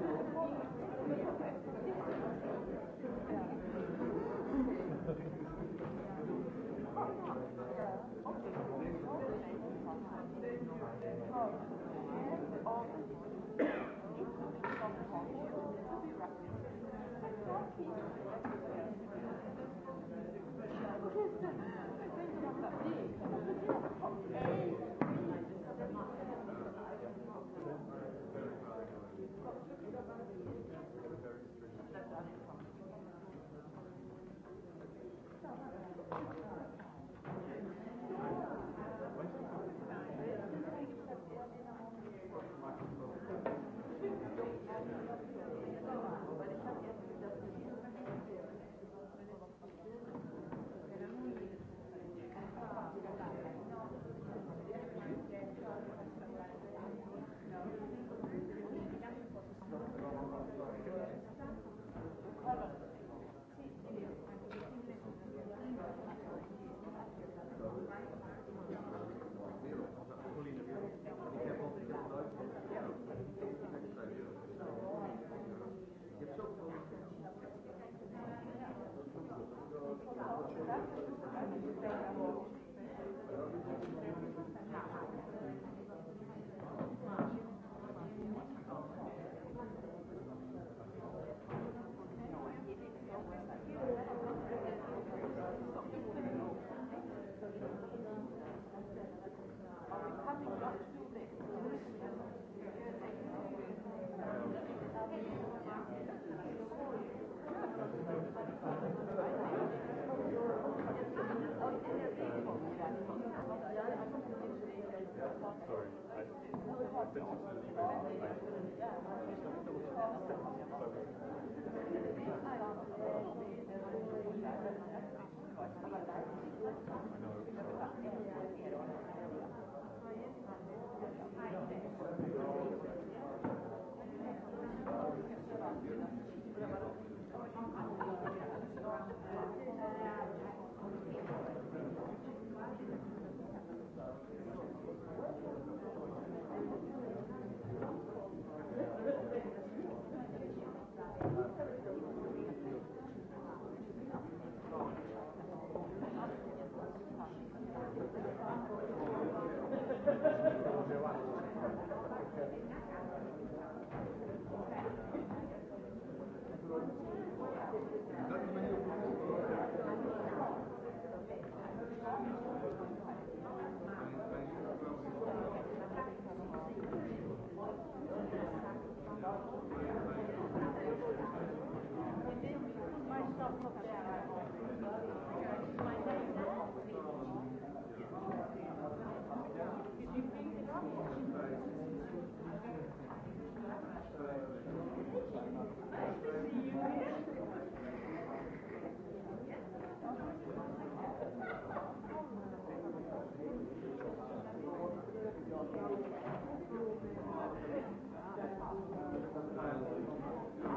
I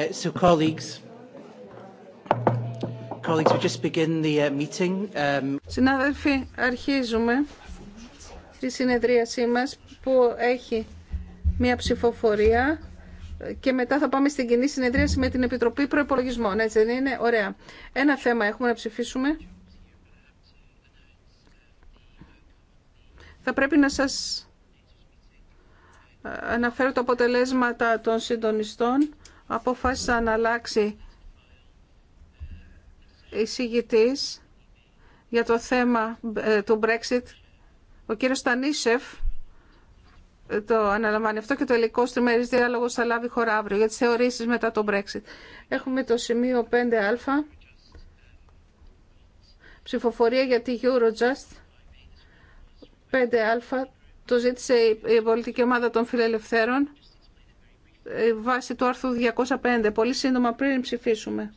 Uh, so, colleagues, colleagues, we just begin the uh, meeting. Um, Συνάδελφοι, αρχίζουμε τη συνεδρίασή μας που έχει μία ψηφοφορία και μετά θα πάμε στην κοινή συνεδρίαση με την Επιτροπή Προϋπολογισμών. Έτσι δεν είναι. Ωραία. Ένα θέμα έχουμε να ψηφίσουμε. Θα πρέπει να σας ε, αναφέρω τα αποτελέσματα των συντονιστών Αποφάσισα να αλλάξει εισηγητής για το θέμα ε, του Brexit. Ο κύριος Τανίσεφ ε, το αναλαμβάνει αυτό και το υλικό τριμερής διάλογος θα λάβει χώρα αύριο για τις θεωρήσεις μετά το Brexit. Έχουμε το σημείο 5α, ψηφοφορία για τη Eurojust 5α, το ζήτησε η πολιτική ομάδα των φιλελευθέρων. Ε, βάσει του άρθρου 205. Πολύ σύντομα πριν ψηφίσουμε.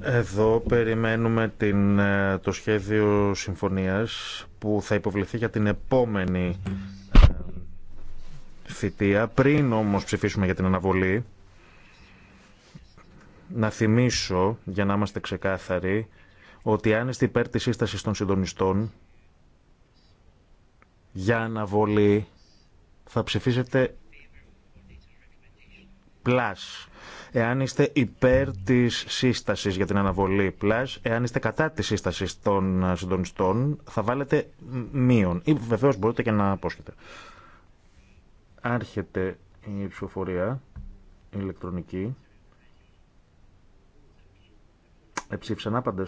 Εδώ περιμένουμε την, ε, το σχέδιο συμφωνίας που θα υποβληθεί για την επόμενη ε, θητεία. Πριν όμως ψηφίσουμε για την αναβολή, να θυμίσω, για να είμαστε ξεκάθαροι, ότι αν είστε υπέρ της σύστασης των συντονιστών, για αναβολή θα ψηφίσετε Plus. Εάν είστε υπέρ τη σύσταση για την αναβολή Plus, εάν είστε κατά τη σύσταση των συντονιστών, θα βάλετε μείον. Ή βεβαίω μπορείτε και να απόσχετε. Άρχεται η ψηφοφορία ηλεκτρονική. Εψήφισαν άπαντε.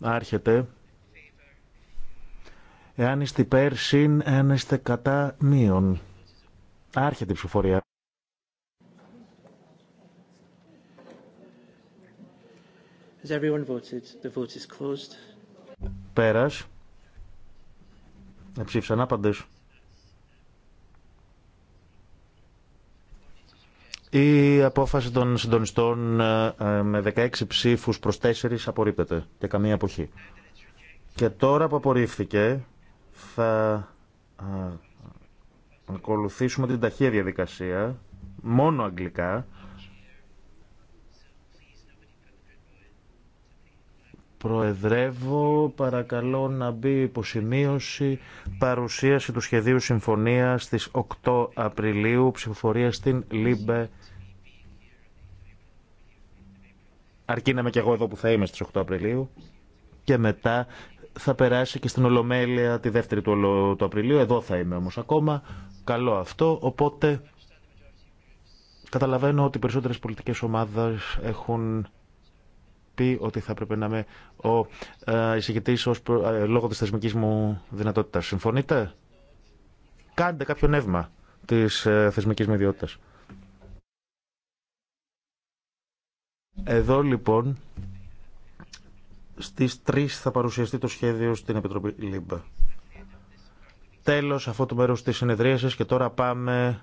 Άρχεται. Εάν είστε υπέρ, συν, εάν είστε κατά, μείον. Άρχεται η ψηφοφορία. Has everyone voted? The vote is closed. Πέρας. Εψήφισαν άπαντες. Η απόφαση των συντονιστών ε, με 16 ψήφους προς 4 απορρίπτεται και καμία αποχή. Και τώρα που απορρίφθηκε θα ακολουθήσουμε την ταχεία διαδικασία, μόνο αγγλικά. Προεδρεύω, παρακαλώ να μπει υποσημείωση, παρουσίαση του σχεδίου συμφωνίας στις 8 Απριλίου, ψηφοφορία στην ΛΥΜΠΕ. Αρκεί να είμαι και εγώ εδώ που θα είμαι στις 8 Απριλίου. Και μετά θα περάσει και στην Ολομέλεια τη δεύτερη του, του Απριλίου. Εδώ θα είμαι όμως ακόμα καλό αυτό, οπότε καταλαβαίνω ότι οι περισσότερες πολιτικές ομάδες έχουν πει ότι θα έπρεπε να είμαι ο ε, εισηγητής ως, ε, λόγω της θεσμικής μου δυνατότητας. Συμφωνείτε? Κάντε κάποιο νεύμα της ε, θεσμικής μου ιδιότητας. Εδώ λοιπόν στις 3 θα παρουσιαστεί το σχέδιο στην Επιτροπή ΛΥΜΠΑ τέλος αυτού του μέρους της συνεδρίασης και τώρα πάμε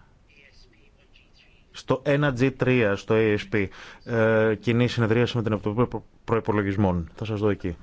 στο 1G3, στο ASP, ε, κοινή συνεδρίαση με την Επιτροπή Προϋπολογισμών. Θα σας δω εκεί.